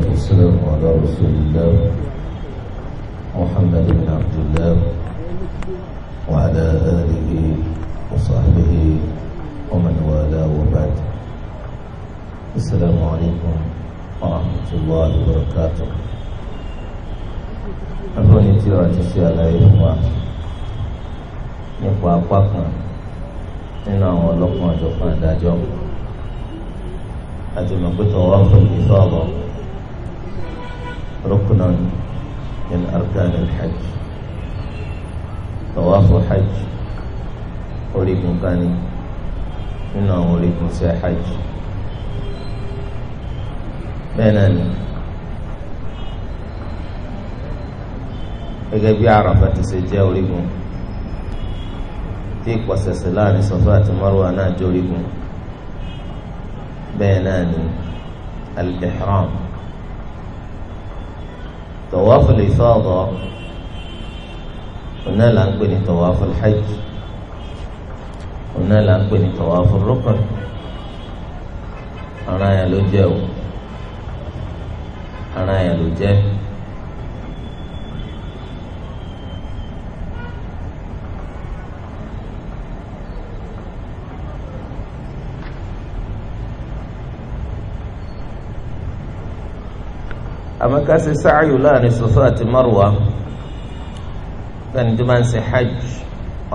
والصلاة والسلام على رسول الله محمد بن عبد الله وعلى آله وصحبه ومن والاه وبعد السلام عليكم ورحمة الله وبركاته أبوني تيرا تشي على إخوة nípa apá kan nínú àwọn ọlọ́kùnrin àjọpọ̀ àdájọ́ àti mọ̀pẹ́tọ̀ wà ركن من أركان الحج طواف حج أريكم كان إنه أريكم سيحج بيناني gẹ́gẹ́ bí àràfà ti ṣe jẹ́ orígun tí ìpọ̀sẹ̀sẹ̀ láàrin sọ́fà àti mọ́rùwà náà jẹ́ orígun bẹ́ẹ̀ náà ni al tọ̀wáfù lè fẹ́ ọ̀dọ́ ọ̀nà là ń pè ní tọ̀wáfù hajj ọ̀nà là ń pè ní tọ̀wáfù rukun ara yẹn ló jẹ́ o ara yẹn ló jẹ́ àmọ́ ká ṣe sáàyù láàrin Safa àti Marwa fẹ́ni tó máa ń ṣe hajj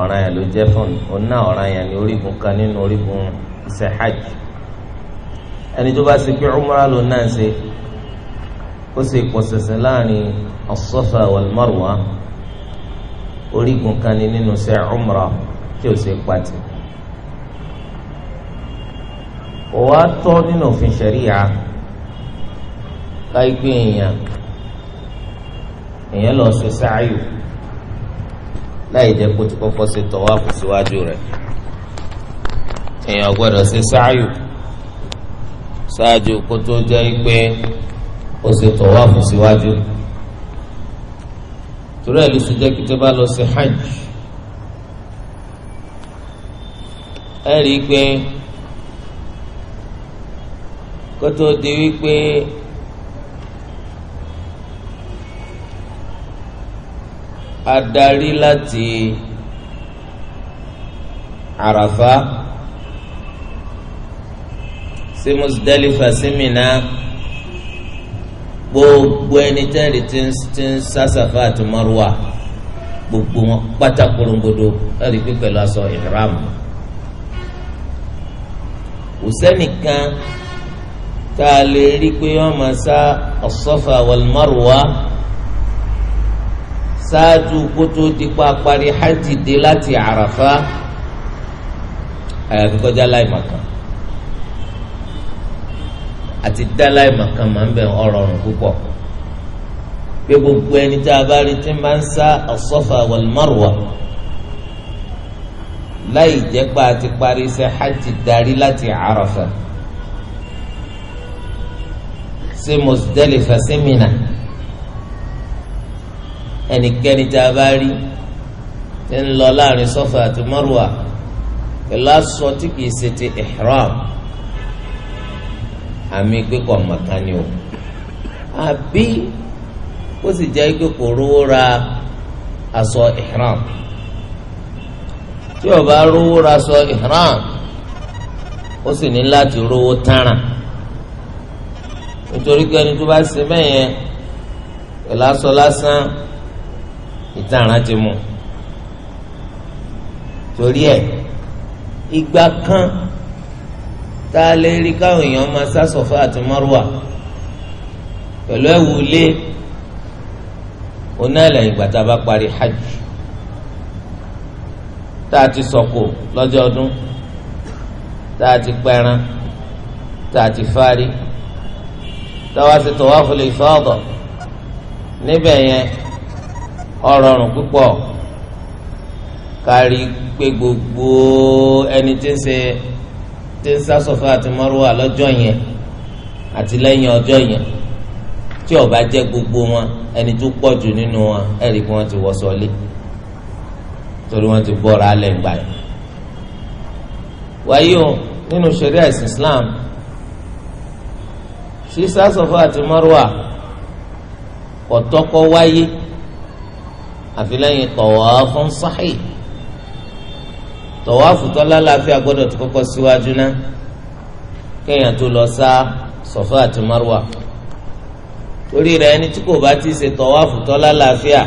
ọ̀ràn yẹn ló jẹ́ fún un náà ọ̀ràn yẹn ní orígun kan nínú orígun ṣe hajj ẹni tó bá ṣe pé umrah ló náà wal Marwa orígun kan ní nínú ṣe umrah tí ó ṣe pàtì. ó wá tọ́ nínú káyipé èèyàn èèyàn lọ ṣe sáàyò láì jẹ́ kó ti kọ́kọ́ ṣe tọ́wáfù síwájú rẹ̀ èèyàn gbọ́dọ̀ ṣe sáàyò ṣáájú kó tó jẹ́ pé ó ṣe tọ́wáfù síwájú torí ẹ̀ ló ṣe jẹ́ kí tó bá lọ ṣe hajj ẹ rí i pé kó tó di wípé. adarí láti àràfá sí Muzdalifa sí Mina gbogbo ẹni tẹ́lẹ̀ tí ń sásàfà àti Marwa gbogbo wọn pátá korongodo ẹ̀rí pé pẹ̀lú aṣọ ìhìrámù kò tá a lè rí pé wọ́n máa sá as-Safa ṣáájú kótó dípa parí hajj dé láti àràfá àyàfi kọjá láìmọ̀kan àti dá láìmọ̀kan máa ń bẹ̀ ọ̀rọ̀ ọ̀rùn púpọ̀ pé gbogbo ẹni tá a bá rí tí máa ń sá as-Safa láì jẹ́ pé a ti parí iṣẹ́ hajj darí láti àràfá sí Muzdalifa sí Mina ẹnikẹ́ni tá a bá rí tí ń lọ láàrin sọ́fà àti mọ́rùwà pẹ̀lú aṣọ tí kìí ṣe ti ihram àmì kíkọ̀ màkàní o àbí ó sì jẹ́ pé kò rówó ra aṣọ ihram tí ó bá rówó ra aṣọ ihram ó sì ní láti rówó tánràn nítorí pé ẹni tó bá ṣe bẹ́ẹ̀ yẹn pẹ̀lú aṣọ lásán ìtàràn ti mú torí ẹ ìgbà kan tá a lè rí káwọn èèyàn máa sá Sọ̀fà àti Márùwà pẹ̀lú ẹ̀wù ilé onáàlà ìgbà tá a bá parí hajj tá a ti sọ̀kò lọ́jọ́ ọdún tá a ti pẹran tá a ti fárí tá a wá sí tọ́wáfù lè ọ̀dọ̀ níbẹ̀ yẹn ọrọrùn púpọ̀ kárí pé gbogbo ẹni tí ń ṣe tí ń sá Sọfa àti Marwa lọ́jọ́ yẹn àti lẹ́yìn ọjọ́ yẹn tí ó bá jẹ́ gbogbo wọn ẹni tó pọ̀ jù nínú wọn ẹ̀rí pé wọ́n ti wọ́ sọlé torí wọ́n ti bọ́ra alẹ́ ń gbà yẹn. wáyé o nínú ṣẹ̀ríà ẹ̀sìn Islam sísá Sọfa àti Marwa kọ̀tọ́kọ́ wáyé àfi lẹ́yìn tawafun sahih tawafu tó lálàáfíà gbọ́dọ̀ tó kọ́kọ́ síwájú náà kéèyàn tó lọ sá Safa àti Marwa torí rẹ̀ ẹni tí kò bá ti ṣe tawafu tó lálàáfíà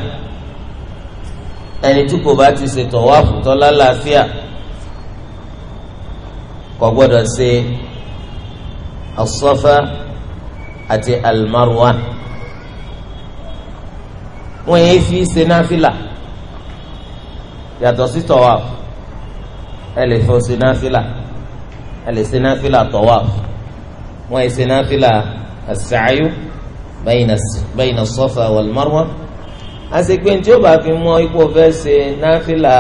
ẹni tí kò bá ti ṣe tawafu tó lálàáfíà kò gbọ́dọ̀ ṣe as àti al-Marwa. al al wọn yẹn fi ṣe náfìlà yàtọ̀ sí tọ̀wáf ẹ lè fọ ṣe náfìlà ẹ lè ṣe náfìlà tọ̀wáf wọn yẹn ṣe náfìlà as-sa'yu bayna as-safa wal-marwa àṣepé tí ó bá fi mọ ipò fẹ́ ṣe náfìlà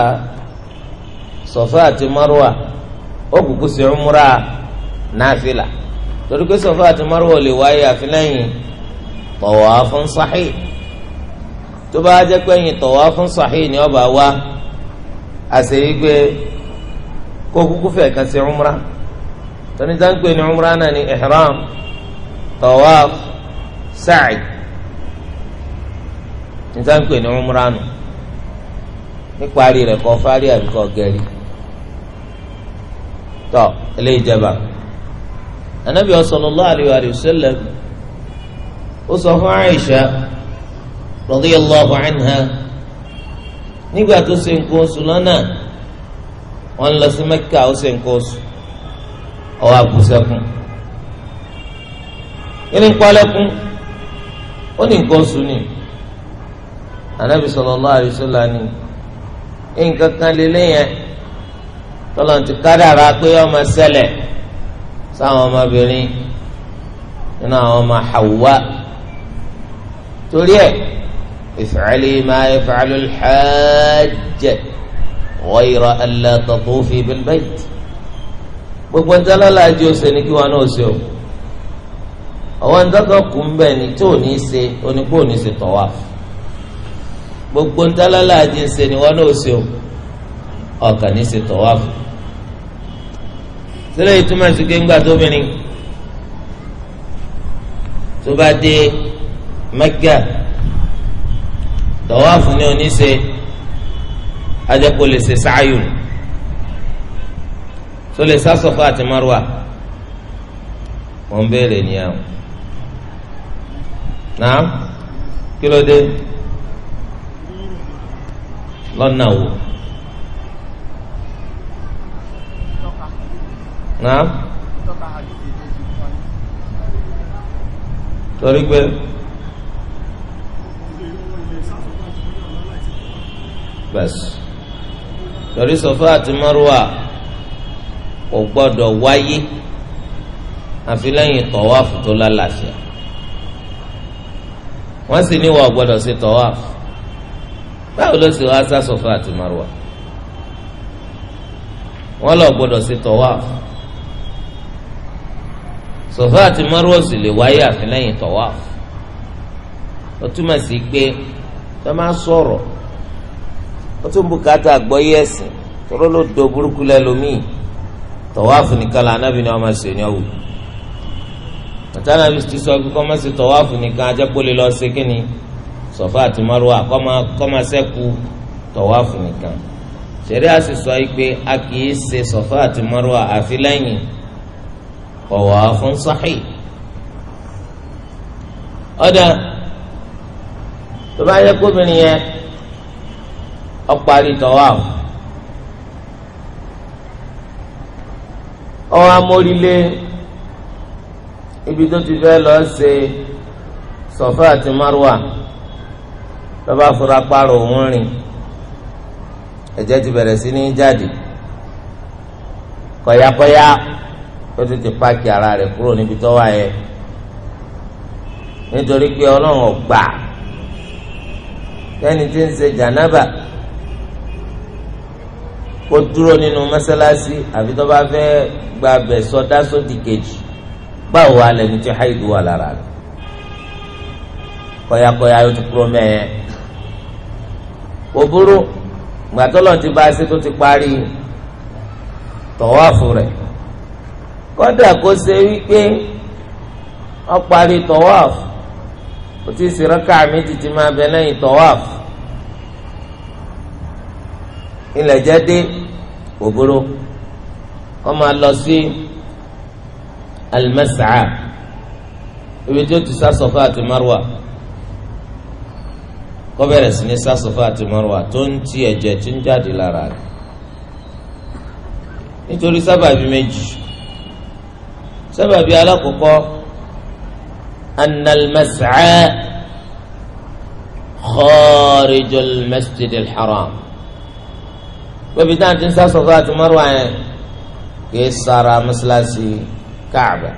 sọ̀fà àti marwa ó kúkú ṣe umra náfìlà torí pé sọ̀fà àti marwa ò lè wáyé àfi lẹ́yìn tọ̀wáfun sahih tó bá jẹ́ pé ẹ̀yin tọ̀wá fún sahih ni ọba wa àṣeyí pé kó kúkú fẹ̀ kan sí umra tóní dáńgbé ni umra náà ni ihram tawaf sa'i ní dáńgbé ni umra nù níparí rẹ̀ kọ́ fárí àbí kọ́ gẹ̀rí tọ́ ilé ìjẹba anabi sallallahu alaihi wa sallam ó sọ fún Aisha radiyallahu anha nígbà tó ṣe nǹkan oṣù lọ́nà wọ́n lọ sí mẹ́kà ó ṣe nǹkan oṣù ọwọ́ àbùsẹ́kùn kí ni kpalẹ́kùn ó ní nǹkan oṣù ni anabi sallallahu alaihi wasallam ni nǹkan kan lélẹ̀ yẹn tọ́lọ̀ ti pé ọmọ ṣẹlẹ̀ sáwọn ọmọbìnrin nínú àwọn ọmọ Hawa torí ẹ̀. افعلي ما يفعل الحاج غير أن لا تطوفي بالبيت gbogbo ń tẹ́lá láàjì ọ̀sẹ̀ ni kí wọn náà ṣe o àwọn ń tọ́kọ̀ kù ń bẹ̀ ni tí ò ní ṣe onígbò ní ṣe tọ̀wá gbogbo ń tẹ́lá láàjì ṣe ni wọn náà ṣe o ọkàn ní ṣe tọ̀wá sílẹ̀ ìtumọ̀ sí kéńgbà tóbìnrin tó bá dé Mẹ́kà. tọ́wáfù ní oníṣe ajẹ́pọ̀ lè ṣe sáàyùn tó lè sá àti Marwa wọ́n béèrè nìyàwó náà kí ló dé bẹ́s lórí sọfà àti márùwà kò gbọ́dọ̀ wáyé àfi lẹ́yìn tọ́wáfù tó lálàáfíà wọ́n sì ní wọ́n gbọ́dọ̀ ṣe tọ́wáfù báwo ló sì wá sá sọfà àti márùwà wọ́n lọ gbọ́dọ̀ ṣe tọ́wáfù sọfà àti márùwà sì lè wáyé àfi lẹ́yìn tọ́wáfù ó túmọ̀ sí pé tó máa sọ̀rọ̀ wọ́n tún bùkátà àgbọ́yé ẹ̀sìn tọ́rọ́ ló do burúkú lẹ́lòmíì tọ́wáàfù nìkan la anábì ni wọ́n máa ṣe ní ọ̀wù àtàlàbí ti sọ pé kọ́ máa ṣe tọ́wáàfù nìkan ajẹ́pọ̀lẹ́ lọ ṣe kí ni sọ̀fà àti márùwà kọ́ máa ṣẹ́kù tọ́wáàfù nìkan ṣẹ̀rí àti sọ pé a kì í ṣe sọ̀fà àti márùwà àfi lẹ́yìn ọ̀wà fún sáhì ọ̀dà tó bá yẹ kóbìnrin yẹn ọparí tọwá o ọwọ amórílé ibi tó ti fẹ́ lọ ṣe sọfẹ àti márùwà lọba fura parọ òun rìn ẹ̀jẹ̀ ti bẹ̀rẹ̀ sí ní jáde kọyakọya ó ti ti paaki ara rẹ̀ kúrò níbi tọwá yẹ nítorí pé Ọlọ́run ọgbà lẹ́ni tí ń ṣe jànábà kó dúró nínú mọ́sálásí àfi tó bá fẹ́ gba abẹ sọdá sódì kejì báwo wà lẹni tí haidu wà lára rẹ kọyakọya yóò ti kúrò mẹ́ẹ̀ kò burú gbàtọ́lọ̀ ti bá a ṣe tó ti parí tọ̀wáfù rẹ̀ kọ́dà kó ṣe wípé ó parí tọ̀wáfù ó ti sì rákà méjì ti máa bẹ lẹ́yìn tọ̀wáfù. ilẹ̀ jẹ́ dé òbúrò wọ́n máa lọ sí alimẹ́sàá ibi tí ó ti sá sọ́fà àti márùwà kó bẹ̀rẹ̀ sí ní sá sọ́fà àti márùwà tó ń ti ẹ̀jẹ̀ tí ń jáde lára rẹ̀ nítorí sábàbí méjì sábàbí alákọ̀ọ́kọ́ analmas'a kharijul masjidil haram. bẹ́ẹ̀ bí táwọn ti ń sá Safa àti Marwa yẹn kì í sara mọ́sálásí káàbà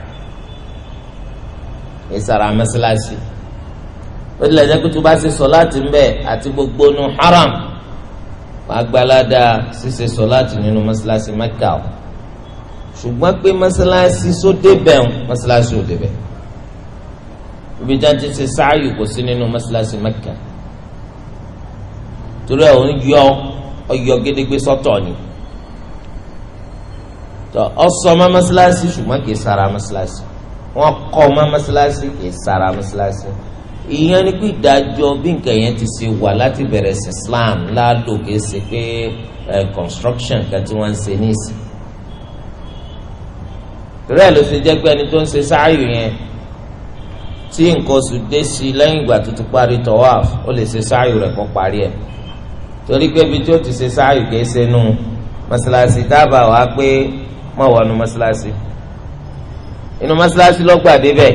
kì í sara mọ́sálásí ó ti lẹ́jẹ́ kótó bá ṣe sọ̀láàtì ńbẹ̀ àti gbogbo nu haram wọ́n agbálada ṣíṣe sọ̀láàtì nínú mọ́sálásí Mẹ́kà o ṣùgbọ́n pé mọ́sálásí sóde bẹ́ẹ̀ mọ́sálásí òde bẹ́ẹ̀ ibi tí wọ́n ti ṣe sáàyù kò sí nínú mọ́sálásí Mẹ́kà torí ẹ̀ yọ ọ́ ọyọ gédégbé sọ́tọ̀ ni tọ ọsọ ma mọ́sálásí ṣùgbọ́n kì í sara mọ́sálásí wọ́n kọ́ ma mọ́sálásí kì í sara mọ́sálásí ìyẹn ni pé ìdájọ́ bí nǹkan yẹn ti ṣe wà láti bẹ̀rẹ̀ sí Islam láàlò kì í ṣe pé construction kan tí wọ́n ń ṣe níìsín torí ẹ̀ ló ṣe jẹ́ pé ẹni tó ń ṣe sáàyù yẹn tí nǹkan oṣù dé sí lẹ́yìn ìgbà tó ti parí tọ́wáf ó lè ṣe sáàyù rẹ̀ kó parí ẹ̀ torí pé ibi tí ó ti ṣe sáàyù kìí ṣe nu mọ́ṣáláṣí dábàá wá pé mọ̀ wọ́n nu mọ́ṣáláṣí inú mọ́ṣáláṣí lọ́gbà débẹ̀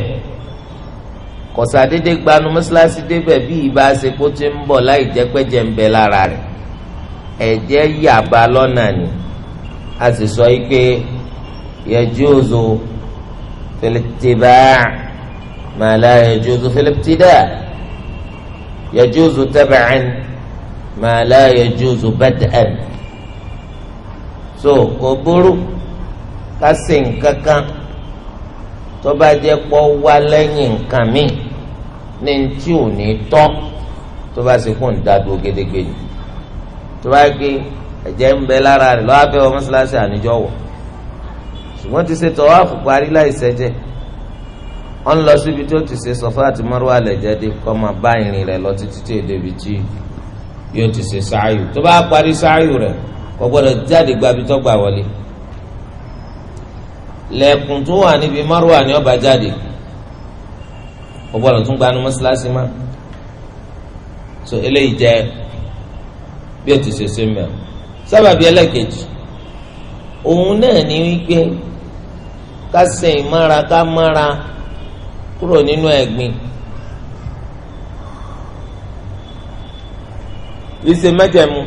kọ̀sádédé gbanu mọ́ṣáláṣí débẹ̀ bí ìbá ṣe kó ti ń bọ̀ láì jẹ́ pẹ́jẹ ń bẹ lára rẹ̀ ẹ̀jẹ̀ yàbá lọ́nà ni a sì sọ yìí pé yẹjúzo filiptibá màlá yẹjúzo filiptidá yẹjúzo tẹ́bẹ̀ẹ́n ma la yajuzu bad'an so kò burú ká ṣe nǹkan kan tó bá jẹ́ pọ́ wá lẹ́yìn nǹkan míì ní tí ò ní tọ́ tó bá ṣe kó ń da dúró gédégbé ni tó bá gbé ẹ̀jẹ̀ ń bẹ lára rẹ̀ lọ́wọ́ abẹ́ ọmọ síláṣí àníjọ́ wọ̀ ṣùgbọ́n ti ṣe tọ́wọ́ àfùkù arí láìsẹ́ wọ́n lọ síbi tó ti ṣe sọ́fà àti mọ́rùwá lẹ̀jẹ̀ dé kọ́ máa bá ìrìn rẹ̀ lọ títí tí èdè bìtì yóò ti ṣe sáàyù tó bá parí sáàyù rẹ̀ kò gbọ́dọ̀ jáde gbabi tó gbà wọlé lẹ́kùn tó wà níbi márùwà ni ọba jáde kò gbọ́dọ̀ tún gbanú mọ́ṣáláṣí má so eléyìí jẹ bí o ti ṣe ṣe mẹ sábàbí ẹlẹ́kejì òun náà ní wípé ká ṣe ìmára ká mára kúrò nínú ẹ̀gbin. E ìṣe mẹ́jẹ̀mú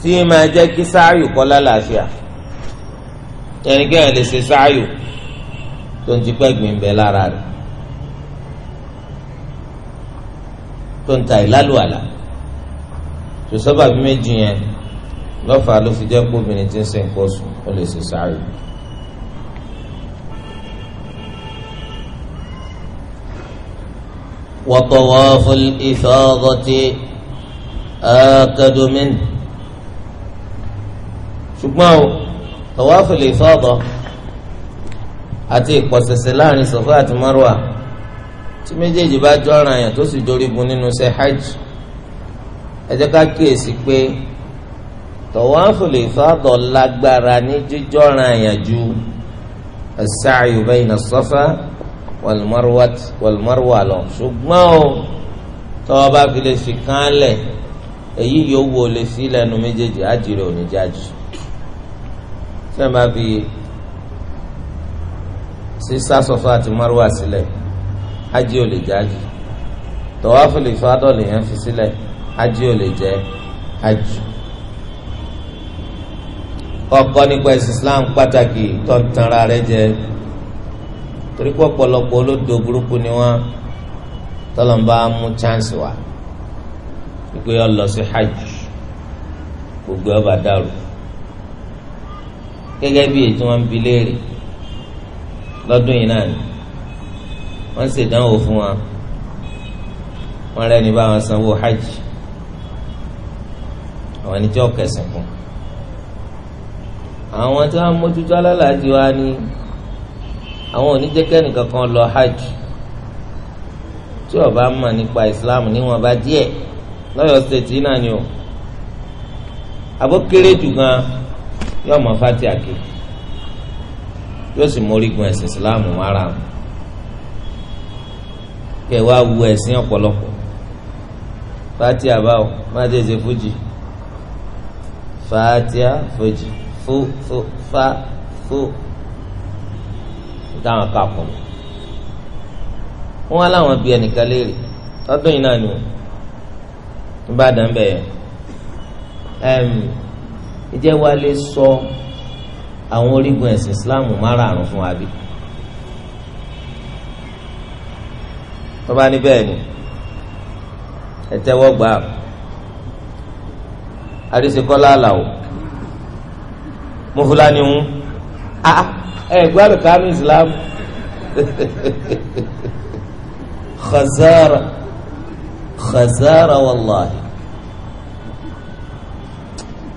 tí máa jẹ́ kí sáàyù kọ́ lálàáfíà ẹni kẹ́hìn lè ṣe sáàyù tó ń ti pẹ́ gbìn bẹ́ẹ̀ lára rẹ̀ tó ń ta ìlálùwàlà tó sábàbí méjì yẹn lọ́fà ló fi jẹ́ kó obìnrin ti ń ṣe nǹkan oṣù ó lè ṣe sáàyù. وطواف الإفاضة آكد منه ṣùgbọ́n o طواف الإفاضة àti ìpọ̀sẹ̀sẹ̀ láàrin Sọ̀fà àti Marwa tí méjèèjì bá jọ ọ̀ràn yẹn tó sì dorígun nínú ṣe hajj ẹ jẹ́ ká kíyèsí pé طواف الإفاضة lágbára ní jíjọ́ ọ̀ràn yẹn ju السعي بين الصفا wàlùmọ́rùwà lọ ṣùgbọ́n o tọ́wọ́ bá fi lè fi kán lẹ̀ èyí yóò wo lè sí lẹ́nu méjèèjì ájìrè òní jájì sẹ́yìn bá fi sísá sọ́fọ́ àti mọ́rùwà sílẹ̀ ájì ò lè jájì tọ́wọ́ fi lè fa dọ́ọ̀lì yẹn fi sílẹ̀ ájì ò lè jẹ́ ájì ọkọ nípa ẹ̀sìn Islam pàtàkì tó ń tanra rẹ̀ jẹ́ torí pé ọ̀pọ̀lọpọ̀ olódo burúkú ni wọ́n tọ́lọ̀ ń bá mú chance wa wípé ọ lọ sí hajj gbogbo ọba dàrú gẹ́gẹ́ bí ètò wọn bi léèrè lọ́dún yìí náà ni wọ́n ṣèdánwò fún wa wọ́n rẹ́ni bá wọn sanwó hajj àwọn ẹni tí wọ́n kẹsàn-án àwọn tí wọ́n mójútó alálàájì wa ni. Jokes, àwọn oníjẹ́kẹ́ nìkan kan lọ hajj tí ó mọ̀ nípa islam níwọ̀n bá díẹ̀ lọ́yọ̀ stéètì náà ni o abókéré jù gan yóò mọ fati àké yóò sì mórígun ẹ̀sìn islam ara kẹ wá wu ẹ̀sìn ọ̀pọ̀lọpọ̀ fati àbáwò má tẹ̀sẹ̀ fújì fatia fújì fú fú fa fú táwọn kà kún wọn láwọn bí ẹnìkan léèrè lọ́dún yìí náà ni Ìbàdàn bẹ́ẹ̀ ìjẹ́ wa lè sọ àwọn orígun ẹ̀sìn Islam márààrún fún wa bí tọ́ba ní bẹ́ẹ̀ ni ẹ tẹ́wọ́ gbà àrísìkọ́lá àlàó mọ́fúlání ń a. Ah ẹ̀gbọ́n àbẹ̀kánú islam khazara khazara wàláhi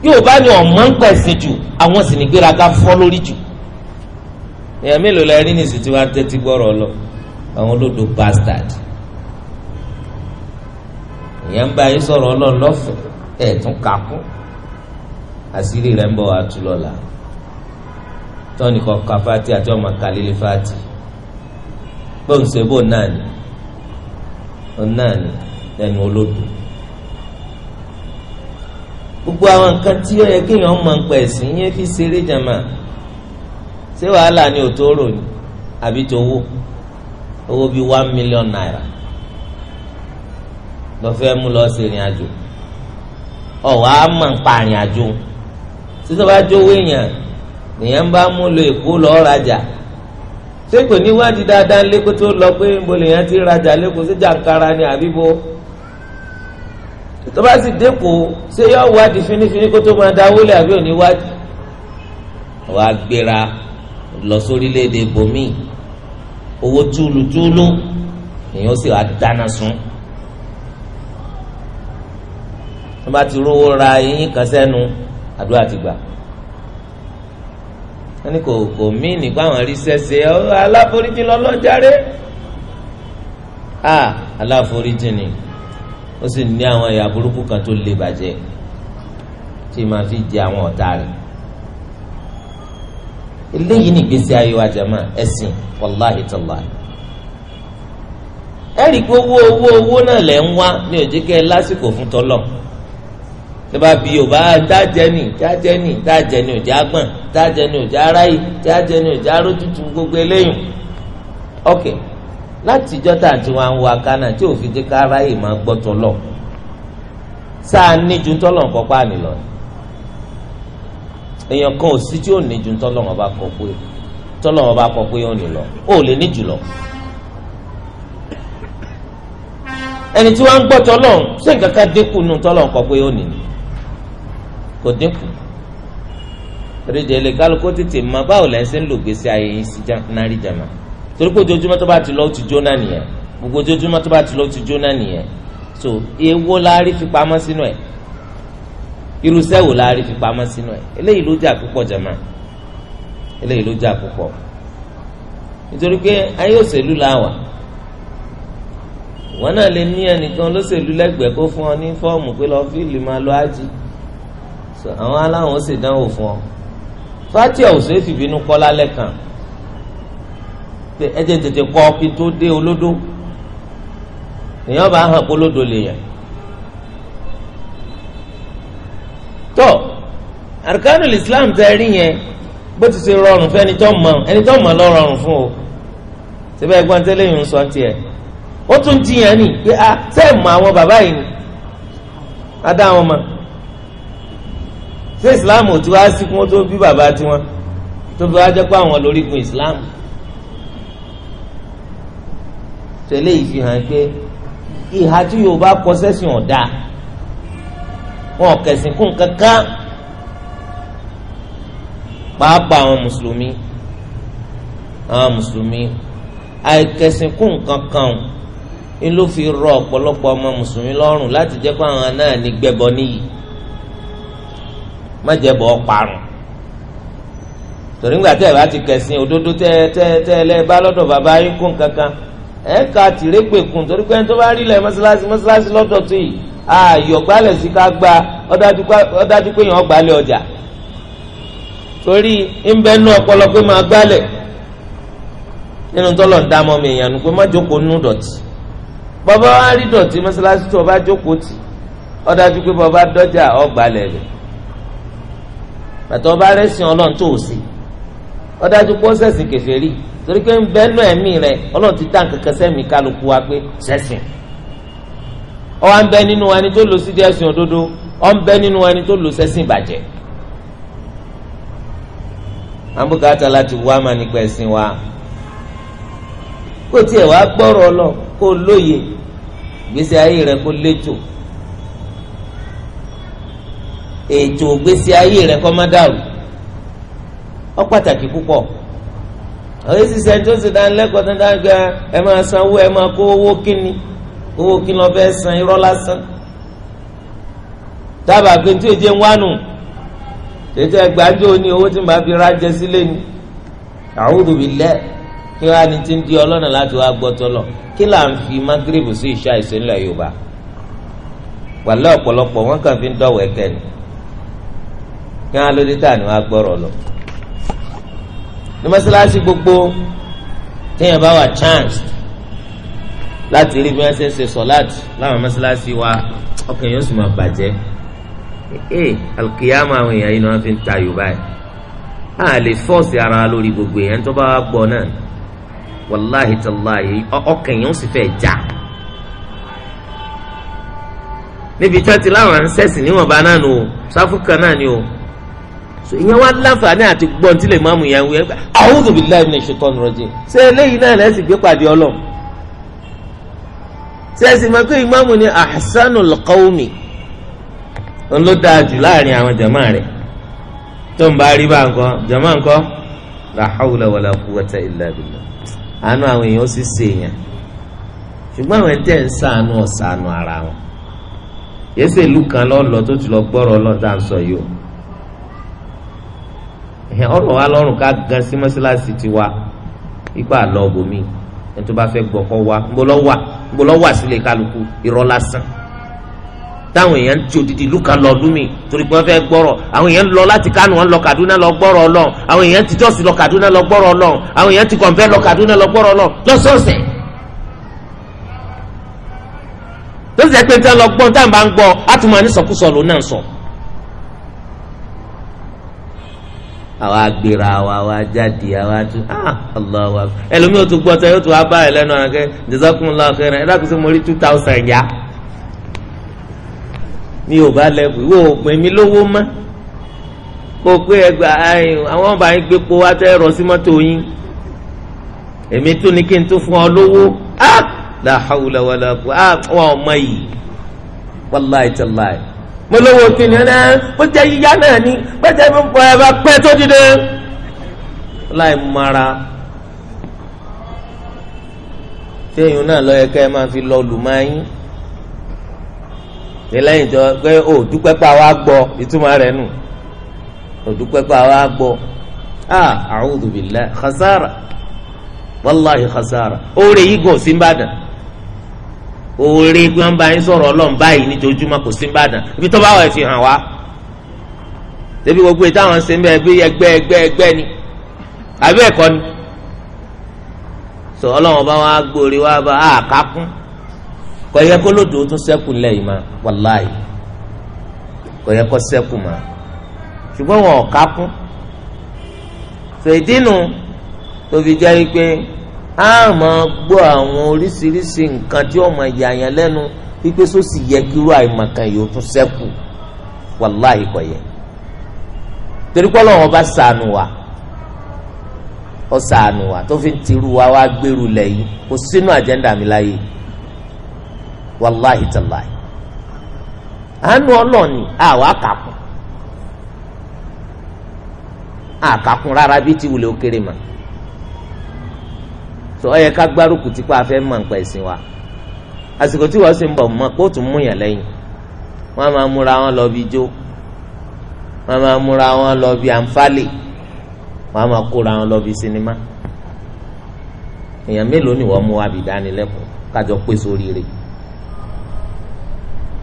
yóò bá ní ọ̀mọ́ ń pẹ̀sìn jù àwọn sì ní gbéraga fọ́ lórí jù èèyàn mélòó la rí ní ìsìn tí wọ́n á tẹ́tí gbọ́rọ̀ lọ àwọn olódò bastard èèyàn ń bá yín sọ̀rọ̀ ọlọ́run lọ́fẹ̀ẹ́ ẹ̀ tún kà àṣírí rẹ̀ ń bọ̀ wá tú lọ́la tọ́ nìkan ka fati àti ọmọ kàlílì fati gbọ́nsẹ̀ bò náà ni náà ni ẹnu olódò gbogbo àwọn nǹkan tí ó yẹ kéèyàn mọ̀ ń pẹ̀ sí yẹn fi ṣeré jàmà ṣé wàhálà ni ò tó rò ní àbí tó wó owó bíi one million naira lọ́fẹ́ mú lọ́ọ́ sí ìrìn àjò ọ̀wá mọ̀ ń pa ìrìn àjò títí wàá jówó èèyàn nìyẹn ń bá mú lọ èkó lọ́ọ́ rajà ṣé kò ní wádìí dáadáa lẹ́kọ́ tó lọ pé ń bolè yẹn ti rajà lẹ́kọ́ sí jàǹkara ni àbíbo tó bá sì dẹ́kọ̀ ṣé yọ wádìí fínífíní kó tó máa da wọlé àbí òní wádìí wà á gbéra lọ sórílẹ̀-èdè owó túlùtúlù nìyẹn ó sì wá dáná sun tó bá ti rówó ra eyín kan sẹ́nu àdúrà ti gbà wọ́n ní kò kò mí nípa àwọn aríṣẹ́ ṣe aláforíjì lọ́lọ́járe a ah, aláforíjì ni ó sì ní àwọn ẹ̀yà burúkú kan tó lè bàjẹ́ tí màá fi jẹ àwọn ọ̀tá rẹ̀ eléyìí ní ìgbésí ayé wa jama ẹ̀sìn wàláhi tàláhi ẹ̀rí pé owó owó owó náà lẹ̀ ń wá ní òjì kẹ́ lásìkò fún tọ́lọ̀ tí bá bi yorùbá dájẹ́ nì dájẹ́ nì dájẹ́ nì òjá gbọ̀n dájẹ́ nì òjá ráyè dájẹ́ nì òjá rótútù gbogbo eléyìn ok látijọ́ tá à ti wá ń wa kánà tí òfin ti ká ráyè máa gbọ́ tó lọ sáà níjú tọ́lọ̀ ń kọ́pá nìlọ èèyàn kan ò sí tí ò níjú tọ́lọ̀ wọn bá kọ́ pé tọ́lọ̀ wọn bá kọ́ pé ó nìlọ ó lè níjú lọ. ẹni tí wọ́n ń gbọ́ tọ́lọ̀ ṣé nǹkan ká dínkù nù tọ́lọ̀ ń kọ́ pé ó nìlọ kò dínkù torí délé kálukó tètè mọ báwo lẹ́sìn lò gbèsè ayé yín sí náírà jama torí pé ojoojúmọ́ tó bá ti lọ ó ti jóná nìyẹn gbogbo ojoojúmọ́ tó bá ti lọ ó ti jóná nìyẹn so èwo la rí fi pamọ́ sínú ẹ̀ irúṣẹ́ wo la rí fi pamọ́ sínú ẹ̀ eléyìí ló jà púpọ̀ jama eléyìí ló jà púpọ̀ nítorí pé ayé òṣèlú la wà wọn náà lè ní ẹnìkan olóṣèlú lẹ́gbẹ̀ẹ́ kó fún ọ ní fọ́ọ̀mù pé lọ́ọ́ fíìlì máa lọ ájì so àwọn aláwọn ó sì dánwò fún ọ fatia ò sèé fìbínú kọ́ lálẹ́ kan pé ẹ jẹ́ tètè kọ́ kí tó dé olódó èèyàn bá hàn polódo lè yẹn tó arkanul islam tẹ rí yẹn bó ti ṣe rọrùn fún ẹni tó mọ ẹni tó mọ lọ rọrùn fún o síbẹ̀ ẹgbọ́n tẹ́lẹ̀ yìí ń sọ tiẹ̀ ó tún jiyàn ni pé a ah, sẹ́ẹ̀ mọ àwọn bàbá yìí ni adá wọn ṣé islam ò ti wá sí kún tó bí bàbá tiwọn tó fi wá jẹ́ pé àwọn lórígun islam tẹ̀lé yìí fi hàn pé ìhà tí yorùbá kọ sẹ́sìn ọ̀dà wọn kẹ̀sìn kún kankan pàápàá àwọn mùsùlùmí àwọn mùsùlùmí àìkẹ̀sìn kún kankan ń ló fi rọ ọ̀pọ̀lọpọ̀ ọmọ mùsùlùmí lọ́rùn láti jẹ́ pé àwọn náà ní gbẹbọ níyì. mọ̀jẹ̀bọ ọ̀parun torí ńgbà tẹ́ ẹ̀ bá ti kẹ̀sìn òdodo tẹ́ tẹ́ tẹ́ ẹ lẹ́ẹ̀ bá bàbá yín kún kankan ẹ̀ ká tìrégbèkùn torí pé tó bá rí tó yìí àyọ̀gbálẹ̀ sí gba ọ̀dájú pé yàn ọjà torí ọpọlọ pé máa nínú ń dá bàtà ọba rẹ́sìn ọlọ́run tó o sí ọdájú pọ́ sẹ́sìn kèfèrí torí pé ń bẹ́nu ẹ̀mí rẹ ọlọ́run ti dá nǹkankan sẹ́mi kálukú wa pé sẹ́sìn ọwọ́ ń bẹ nínú ẹni tó lò sídìí ẹ̀sìn òdodo ọ̀ ń bẹ nínú ẹni tó lò sẹ́sìn ìbàjẹ́ àbúkátà láti wá máa nípa ẹ̀sìn wa kó tiẹ̀ wá gbọ́rọ̀ ọlọ́ kó lóye ìgbésí ayé rẹ kó létò ètò ìgbésí ayé rẹ kọ́ má dàrú ọ pàtàkì púpọ̀ àwọn èsìsẹ́ tó dánilẹ́kọ̀ọ́ tó dáńgá ẹ máa san owó ẹ máa kó owó kíni owó kíni san irọ́ lásán dábàá pé tí èjé ń wánu tètè gbàjọ ní owó tí màá fi rájẹ sílé ni ti ń di ọlọ́nà láti wá gbọ́tọ́ lọ kí là ń fi magrib sí ìṣá ìṣẹ́ńlẹ̀ yorùbá wàlẹ́ ọ̀pọ̀lọpọ̀ wọn fi ń dọ̀wọ́ kí wọn lóde tà ní wọn gbọ́rọ̀ lọ ní mọ́sálásí gbogbo téèyàn bá wà chance láti rí bí wọ́n ṣe ń ṣe sọ̀láàtì láwọn mọ́sálásí wa ọkàn yóò sì máa bàjẹ́ ee alùkìyàmù àwọn èèyàn yìí ni wọ́n fi ń ta yorùbá yìí a lè fọ́ọ̀sì ara lórí gbogbo èèyàn tó bá wà gbọ́ náà wàláhì tàláhì ọkàn yóò sì fẹ́ já níbi tí wọ́n ti láwọn ń ṣẹ̀sìn níwọ̀nba náà ni o sáfù kan náà ni o so ìyẹn wá láǹfààní àti gbọ́n tí lè máàmù yẹn wí ẹgbẹ́ a'udhu billahi minash shaitani rajim ṣé eléyìí náà lẹ́sìn gbé pàdé ọlọ́ ṣé ẹ̀sìn máa pé ìmáàmù ni ahsanul qawmi ń ló dáa jù láàrin àwọn jàmá rẹ̀ tó ń bá rí bá nǹkan jàmá nǹkan la hawla wala quwwata illa billah àánú àwọn èèyàn sì ṣe èèyàn ṣùgbọ́n àwọn ẹ̀ńtẹ́ ọ̀rọ̀ wa lọ́rùn ká gan sí mọ́ṣáláṣí tiwa ipa àlọ́ bòmí ẹni tó bá fẹ́ gbọ́ kọ́ wa ńbọ lọ́ wà ńbọ lọ́ wà sílé kálukú irọ́ lásán táwọn èèyàn ti odidi lùkà lọ ọdún mi torí pé wọ́n fẹ́ gbọ́rọ̀ àwọn èèyàn lọ láti Kánò wọ́n lọ Kaduna lọ gbọ́rọ̀ Ọlọ́run àwọn èèyàn ti jọ́sìn lọ Kaduna lọ gbọ́rọ̀ Ọlọ́run àwọn èèyàn ti kọ̀ǹfẹ́ lọ Kaduna lọ gbọ́rọ̀ Ọlọ́run lọ́sọ̀ọ̀sẹ̀. lọ́sọ̀ọ̀sẹ̀ pé tí wọ́n lọ gbọ́n táwọn bá ń gbọ́ á tún máa ní sọkúsọ lòun sọ. So àwa agbèrè àwa àwa jáde àwa tún ah allah wa ẹlòmíì tún gbọ́ sẹ́yìn ó tún wá bá ẹ lẹ́nu àná kẹ́ jazakumullahu khairan ẹ dákun sí mo rí two thousand yá ní yorùbá lẹ́bù ìwé òògùn èmi lówó mọ́ kó o pé ẹgbà àwọn ọba yín gbé po wá tẹ́ ẹ̀rọ sí mọ́tò yín èmi tún ní kí n tún fún ọ lówó ah la ah, wọn ò mọ yìí wallahi tallahi mo lówó kí ni ẹ bó jẹ yíyá náà ni pẹtẹ ẹ bá pẹ tó dìde láì mara téèyàn náà lọ yẹ kẹ ẹ máa fi lọ lù máa yín ní lẹ́yìn tó pé o dúpẹ́ pa wá gbọ́ ìtumọ̀ rẹ̀ nù o dúpẹ́ pa wá gbọ́ ah a'udhu billahi khasara wàláhi khasara ó rè yí gùn sí oore pé wọn bá yín sọ̀rọ̀ Ọlọ́run báyìí níjojúmọ́ kò sí nìbàdàn ibi tó bá wà ẹ fi hàn wá débi gbogbo ètò àwọn ṣe ń bẹ ẹbí ẹgbẹ́ ẹgbẹ́ ẹgbẹ́ ni àbí ẹ̀kọ́ ni sọ Ọlọ́run ọba wa gbòòrè wa bá a kà kún kò yẹ kó lòdò tún ṣẹ́kù ńlẹ̀ yìí máa wàláì kò yẹ kó ṣẹ́kù máa ṣùgbọ́n wọn ò kà kún sọ ìdí jẹ́ pé. a máa gbọ́ àwọn oríṣiríṣi nǹkan tí ó máa yà yàn lenu wípé sósì yẹ kí irú àìmọ̀kan yìí ó tún koye wàláhì kò yẹ torí pé Ọlọ́run bá ṣàánú wa ó wa tó fi ń tirú wa wá gbèrú lẹ́yìn kò sínú àjẹ́ndà mi láyé wàláhì tàláhì àánú ni àwa kàkún àkàkún rárá bí ti wulẹ̀ ó kéré mọ́. so ọ yẹ ká gbárùkù tí pa afẹ́ mọ̀ nípa wa àsìkò tí wọ́n sì ń bọ̀ mọ́ kóòtù mú yàn lẹ́yìn wọ́n á máa múra wọn lọ bí jó wọ́n á máa múra wọn lọ bí ànfàlè wọ́n á máa kóra wọn lọ bí sinimá èèyàn mélòó ni wọ́n mú wa bí dánilẹ́kọ̀ọ́ kájọ pé sórí rẹ̀